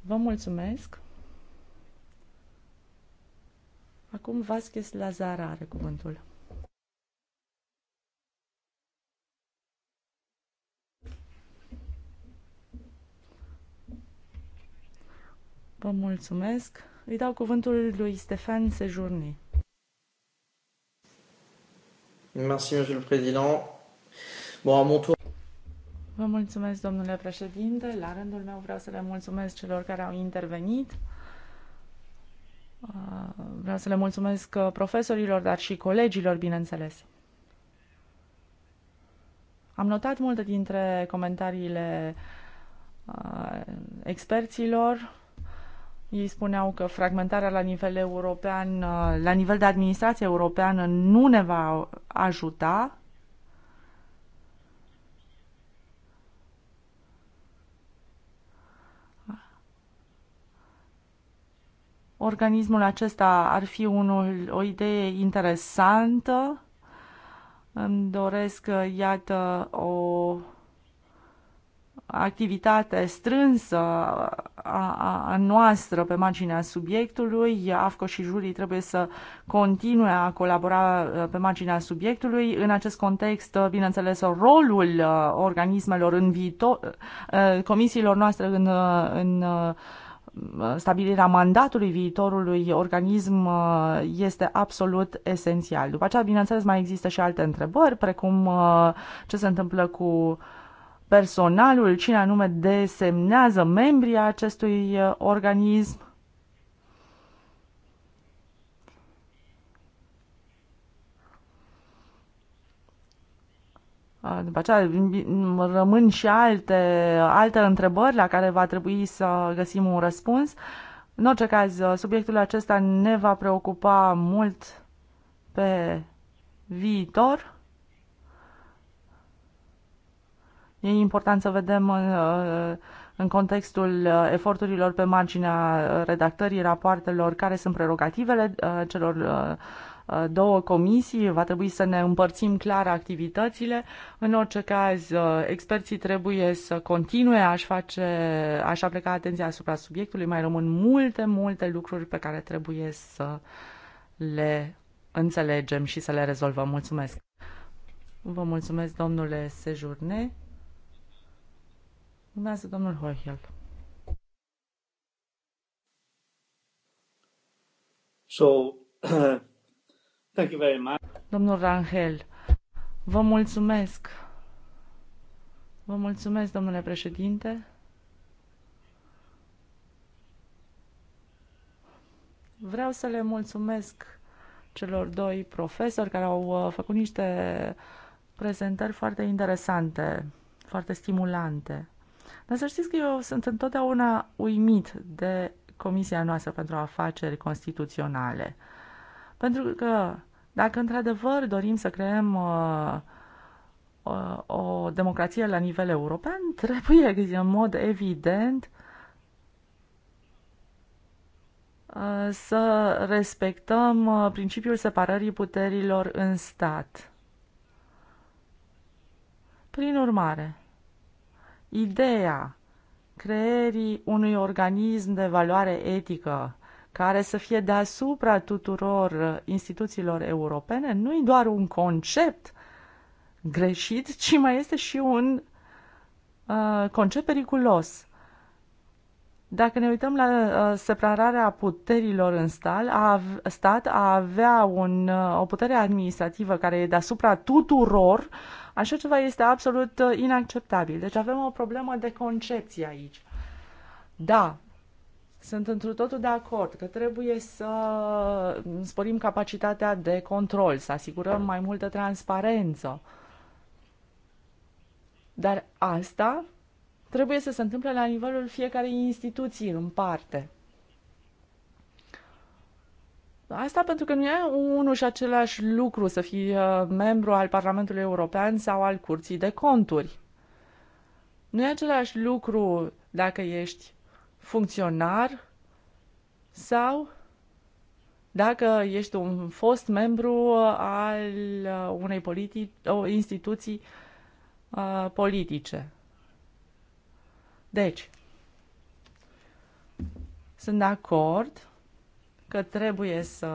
Vă mulțumesc. Acum Vasquez Lazar are cuvântul. Vă mulțumesc. Îi dau cuvântul lui Stefan Sejourni. Mulțumesc. domnule președinte. Président. Bon, à mon tour, Vă mulțumesc, domnule președinte. La rândul meu vreau să le mulțumesc celor care au intervenit. Uh, vreau să le mulțumesc uh, profesorilor, dar și colegilor, bineînțeles. Am notat multe dintre comentariile uh, experților. Ei spuneau că fragmentarea la nivel european, la nivel de administrație europeană, nu ne va ajuta Organismul acesta ar fi unul, o idee interesantă. Îmi doresc, iată, o activitate strânsă a, a noastră pe marginea subiectului. AFCO și jurii trebuie să continue a colabora uh, pe marginea subiectului. În acest context, uh, bineînțeles, rolul uh, organismelor în viitor, comisiilor noastre în, în stabilirea mandatului viitorului organism uh, este absolut esențial. După aceea, bineînțeles, mai există și alte întrebări, precum uh, ce se întâmplă cu personalul, cine anume desemnează membrii acestui uh, organism, După aceea rămân și alte, alte întrebări la care va trebui să găsim un răspuns. În orice caz, subiectul acesta ne va preocupa mult pe viitor. E important să vedem uh, în contextul uh, eforturilor pe marginea redactării rapoartelor care sunt prerogativele uh, celor Uh, două comisii, va trebui să ne împărțim clar activitățile. În orice caz, uh, experții trebuie să continue, aș, face, aș apleca atenția asupra subiectului, mai rămân multe, multe lucruri pe care trebuie să le înțelegem și să le rezolvăm. Mulțumesc! Vă mulțumesc, domnule Sejurne. Urmează domnul Hohel. So, Thank you very much. Domnul Rangel, vă mulțumesc. Vă mulțumesc, domnule președinte. Vreau să le mulțumesc celor doi profesori care au uh, făcut niște prezentări foarte interesante, foarte stimulante. Dar să știți că eu sunt întotdeauna uimit de Comisia noastră pentru afaceri constituționale. Pentru că dacă într-adevăr dorim să creăm uh, uh, o democrație la nivel european, trebuie în mod evident uh, să respectăm uh, principiul separării puterilor în stat. Prin urmare, ideea creierii unui organism de valoare etică care să fie deasupra tuturor uh, instituțiilor europene, nu-i doar un concept greșit, ci mai este și un uh, concept periculos. Dacă ne uităm la uh, separarea puterilor în stat, a, stat, a avea un, uh, o putere administrativă care e deasupra tuturor, așa ceva este absolut uh, inacceptabil. Deci avem o problemă de concepție aici. Da, sunt întru totul de acord că trebuie să sporim capacitatea de control, să asigurăm mai multă transparență. Dar asta trebuie să se întâmple la nivelul fiecarei instituții în parte. Asta pentru că nu e unul și același lucru să fii uh, membru al Parlamentului European sau al Curții de Conturi. Nu e același lucru dacă ești funcționar sau dacă ești un fost membru uh, al uh, unei politi- o instituții uh, politice. Deci, sunt de acord că trebuie să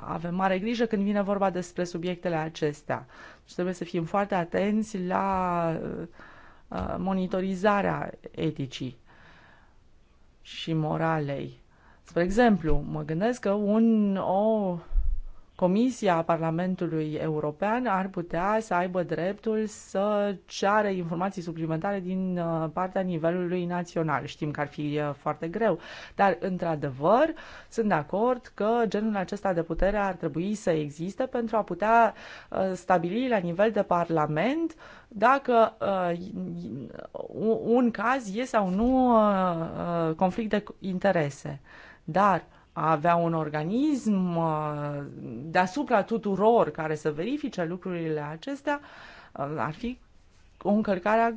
avem mare grijă când vine vorba despre subiectele acestea. Și deci trebuie să fim foarte atenți la uh, Uh, monitorizarea eticii și moralei. Spre exemplu, mă gândesc că un, o Comisia Parlamentului European ar putea să aibă dreptul să ceară informații suplimentare din uh, partea nivelului național. Știm că ar fi uh, foarte greu, dar, într-adevăr, sunt de acord că genul acesta de putere ar trebui să existe pentru a putea uh, stabili la nivel de Parlament dacă un caz e sau nu conflict de interese. Dar, a avea un organism uh, deasupra tuturor care să verifice lucrurile acestea, uh, ar fi o încălcare a,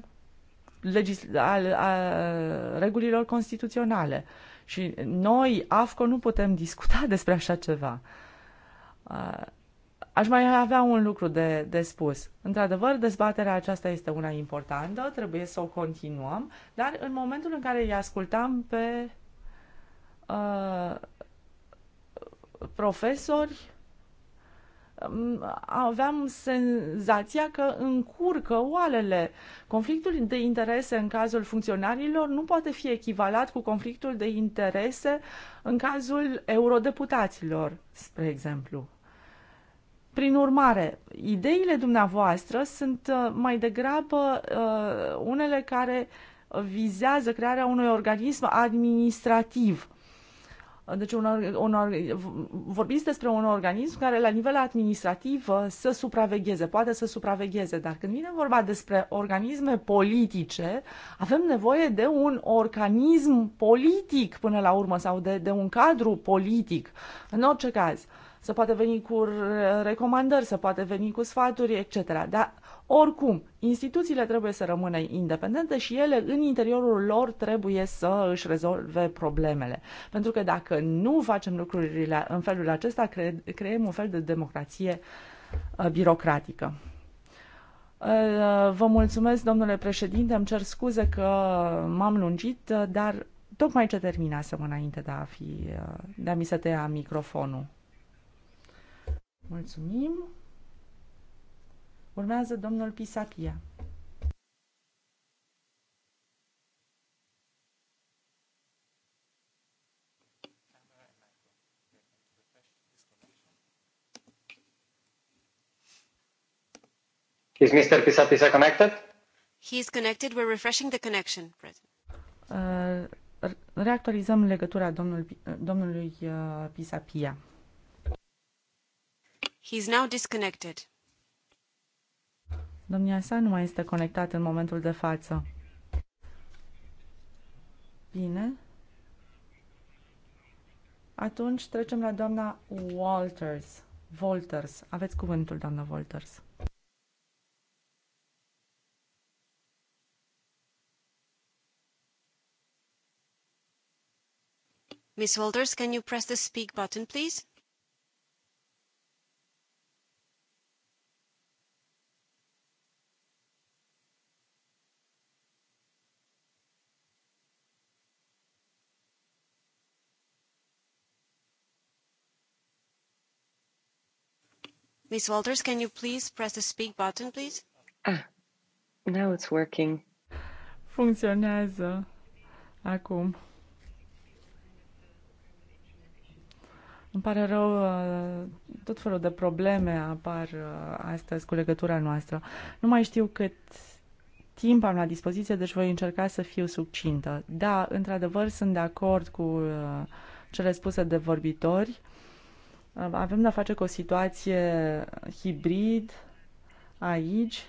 a, a regulilor constituționale. Și noi, AFCO, nu putem discuta despre așa ceva. Uh, aș mai avea un lucru de, de spus. Într-adevăr, dezbaterea aceasta este una importantă, trebuie să o continuăm, dar în momentul în care îi ascultam pe uh, profesori, mm, aveam senzația că încurcă oalele. Conflictul de interese în cazul funcționarilor nu poate fi echivalat cu conflictul de interese în cazul eurodeputaților, spre exemplu. Prin urmare, ideile dumneavoastră sunt uh, mai degrabă uh, unele care vizează crearea unui organism administrativ deci un, un, vorbiți despre un organism care la nivel administrativ uh, să supravegheze, poate să supravegheze, dar când vine vorba despre organisme politice, avem nevoie de un organism politic până la urmă sau de, de un cadru politic. În orice caz, uh, se poate veni cu recomandări, se poate veni cu sfaturi, etc. Dar, oricum, instituțiile trebuie să rămână independente și ele, în interiorul lor, trebuie să își rezolve problemele. Pentru că dacă nu facem lucrurile în felul acesta, cre- creăm un fel de democrație uh, birocratică. Uh, vă mulțumesc, domnule președinte, îmi cer scuze că m-am lungit, uh, dar tocmai ce terminasem înainte de a, fi, de a mi se tăia microfonul. Mulțumim. Urmează domnul Pisachia. Is Mr. Pisapia connected? He is connected. We're refreshing the connection, Uh, reactualizăm legătura domnului, domnului uh, Pisapia. He's now disconnected. Domnia sa nu mai este conectat în momentul de față. Bine. Atunci trecem la doamna Walters. Walters. Aveți cuvântul, doamna Walters. Miss Walters, can you press the speak button, please? Ms. Walters, can you please press the speak button, please? Ah, now it's working. Funcționează acum. Îmi pare rău, uh, tot felul de probleme apar uh, astăzi cu legătura noastră. Nu mai știu cât timp am la dispoziție, deci voi încerca să fiu succintă. Da, într-adevăr, sunt de acord cu uh, cele spuse de vorbitori. Avem de-a face cu o situație hibrid aici.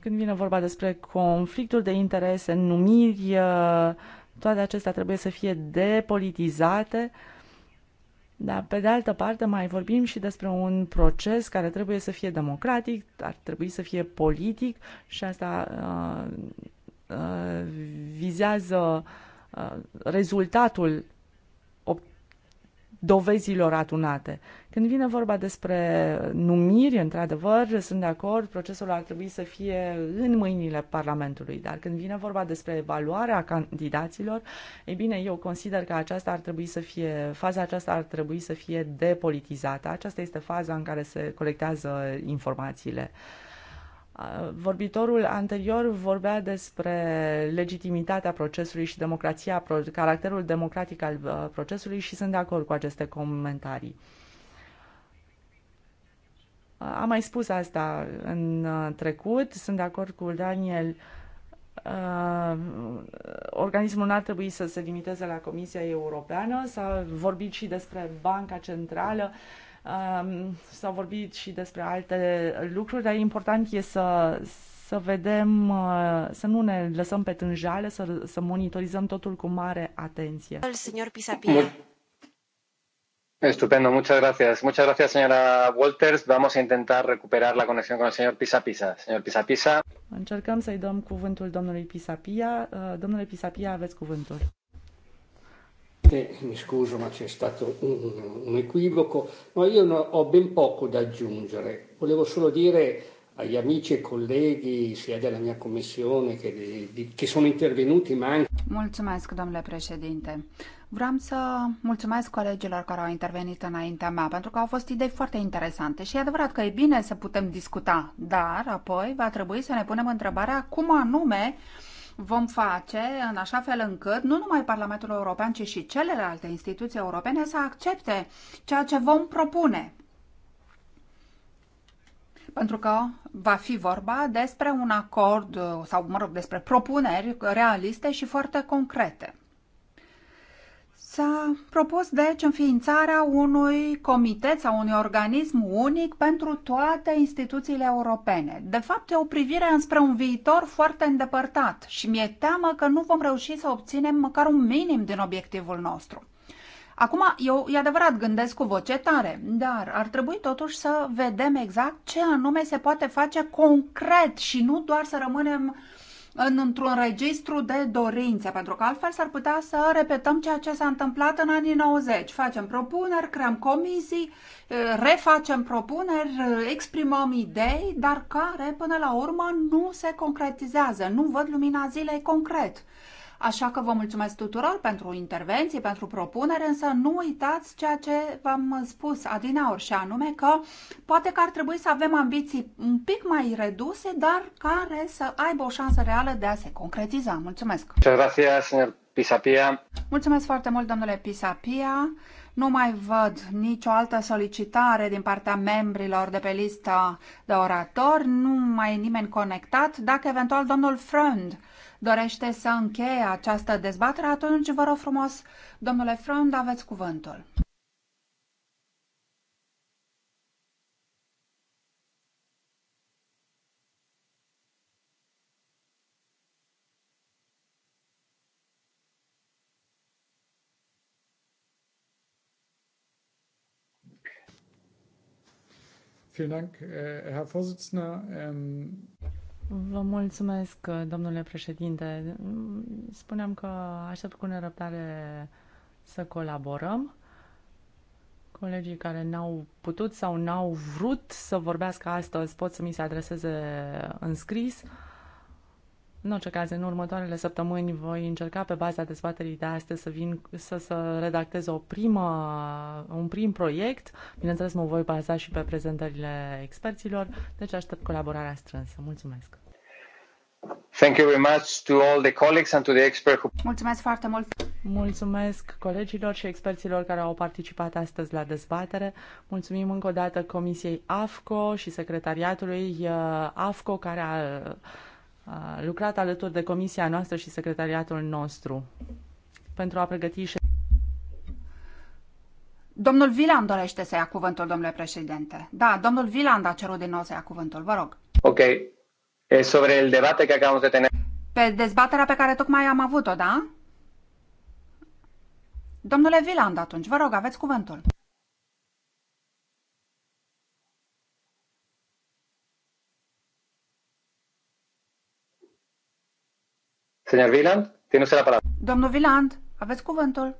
Când vine vorba despre conflictul de interese, numiri, uh, toate acestea trebuie să fie depolitizate. Dar, pe de altă parte, mai vorbim și despre un proces care trebuie să fie democratic, ar trebui să fie politic și asta uh, uh, vizează uh, rezultatul dovezilor adunate. Când vine vorba despre numiri, într-adevăr, sunt de acord, procesul ar trebui să fie în mâinile Parlamentului, dar când vine vorba despre evaluarea candidaților, e bine, eu consider că aceasta ar trebui să fie, faza aceasta ar trebui să fie depolitizată. Aceasta este faza în care se colectează informațiile. Uh, Vorbitorul anterior vorbea despre legitimitatea procesului și democrația, caracterul democratic al uh, procesului și sunt de acord cu aceste comentarii. Am mai spus asta în uh, trecut, sunt de acord cu Daniel. Uh, organismul n-ar trebui să se limiteze la Comisia Europeană, s-a vorbit și despre Banca Centrală. Uh, Um, S-au vorbit și despre alte lucruri, dar important e să, să vedem, uh, să nu ne lăsăm pe tânjale, să, să monitorizăm totul cu mare atenție. Señor Estupendo, muchas gracias. Muchas gracias, señora Walters. Vamos a intentar recuperar la conexión con el señor Pisapisa. Señor Pisapisa. Încercăm să-i dăm cuvântul domnului Pisapia. Uh, domnule Pisapia, aveți cuvântul. Eh, mi scuso ma c'è stato un, un equivoco, ma no, io no, ho ben poco da aggiungere. Volevo solo dire agli amici e colleghi sia della mia commissione che, di, di, che sono intervenuti, ma anche... Mulțumesc, domnule președinte. Vreau să mulțumesc colegilor care au intervenit înaintea mea, pentru că au fost idei foarte interesante și e adevărat că e bine să putem discuta, dar apoi va trebui să ne punem întrebarea cum anume vom face în așa fel încât nu numai Parlamentul European, ci și celelalte instituții europene să accepte ceea ce vom propune. Pentru că va fi vorba despre un acord uh, sau, mă rog, despre propuneri realiste și foarte concrete. S-a propus, deci, înființarea unui comitet sau unui organism unic pentru toate instituțiile europene. De fapt, e o privire înspre un viitor foarte îndepărtat și mi-e teamă că nu vom reuși să obținem măcar un minim din obiectivul nostru. Acum, eu, e adevărat, gândesc cu voce tare, dar ar trebui totuși să vedem exact ce anume se poate face concret și nu doar să rămânem uh, în, într-un registru de dorințe, pentru că altfel s-ar putea să repetăm ceea ce s-a întâmplat în anii 90. Facem propuneri, creăm comisii, eh, refacem propuneri, eh, exprimăm idei, dar care până la urmă nu se concretizează, nu văd lumina zilei concret. Așa că vă mulțumesc tuturor pentru intervenții, pentru propunere, însă nu uitați ceea ce v-am spus adinaori și anume că poate că ar trebui să avem ambiții un pic mai reduse, dar care să aibă o șansă reală de a se concretiza. Mulțumesc! Mulțumesc foarte mult, domnule Pisapia! Nu mai văd nicio altă solicitare din partea membrilor de pe lista de oratori, nu mai e nimeni conectat. Dacă eventual domnul Freund dorește să încheie această dezbatere, atunci vă rog frumos, domnule Frond, aveți cuvântul. Vielen Dank, äh, Herr Vorsitzender. Ähm, Vă mulțumesc, domnule președinte. Spuneam că aștept cu nerăbdare să colaborăm. Colegii care n-au putut sau n-au vrut să vorbească astăzi pot să mi se adreseze în scris. În orice caz, în următoarele săptămâni voi încerca pe baza dezbaterii de astăzi să vin să, să redactez o primă, un prim proiect. Bineînțeles, mă voi baza și pe prezentările experților, deci aștept colaborarea strânsă. Mulțumesc! Thank you very much to all the colleagues and to the expert who... Mulțumesc foarte mult. Mulțumesc colegilor și experților care au participat astăzi la dezbatere. Mulțumim încă o dată Comisiei AFCO și Secretariatului uh, AFCO care a lucrat alături de comisia noastră și secretariatul nostru pentru a pregăti și... Domnul Vilan dorește să ia cuvântul, domnule președinte. Da, domnul Vilan a cerut din nou să ia cuvântul, vă rog. Ok. E sobre el debate că acabamos de tener. Pe dezbaterea pe care tocmai am avut-o, da? Domnule Vilan, atunci, vă rog, aveți cuvântul. Señor Viland, tiene usted la palabra. Domnul Viland, aveți cuvântul.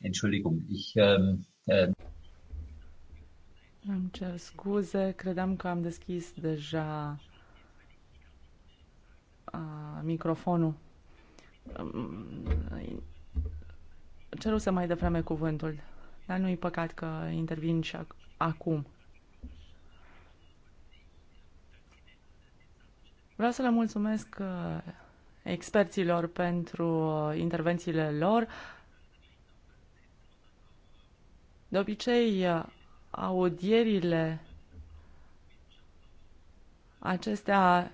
Entschuldigung, ich... Ähm, ähm... Îmi cer scuze, credeam că am deschis deja uh, microfonul. Um, Ceru să mai devreme cuvântul, dar nu-i păcat că intervin și ac acum. Vreau să le mulțumesc uh, experților pentru uh, intervențiile lor. De obicei, uh, audierile acestea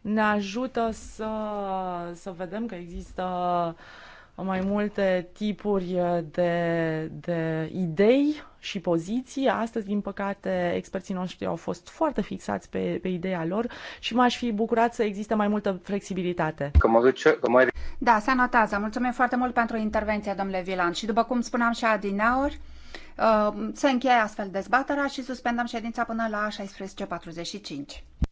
ne ajută să, să vedem că există uh, mai multe tipuri uh, de, de idei și poziții. Astăzi, din păcate, experții noștri au fost foarte fixați pe, pe ideea lor și m-aș fi bucurat să existe mai multă flexibilitate. Da, se notează. Mulțumim foarte mult pentru intervenție, domnule Vilan. Și după cum spuneam și Adinaur, uh, se încheie astfel dezbaterea și suspendăm ședința până la 16.45.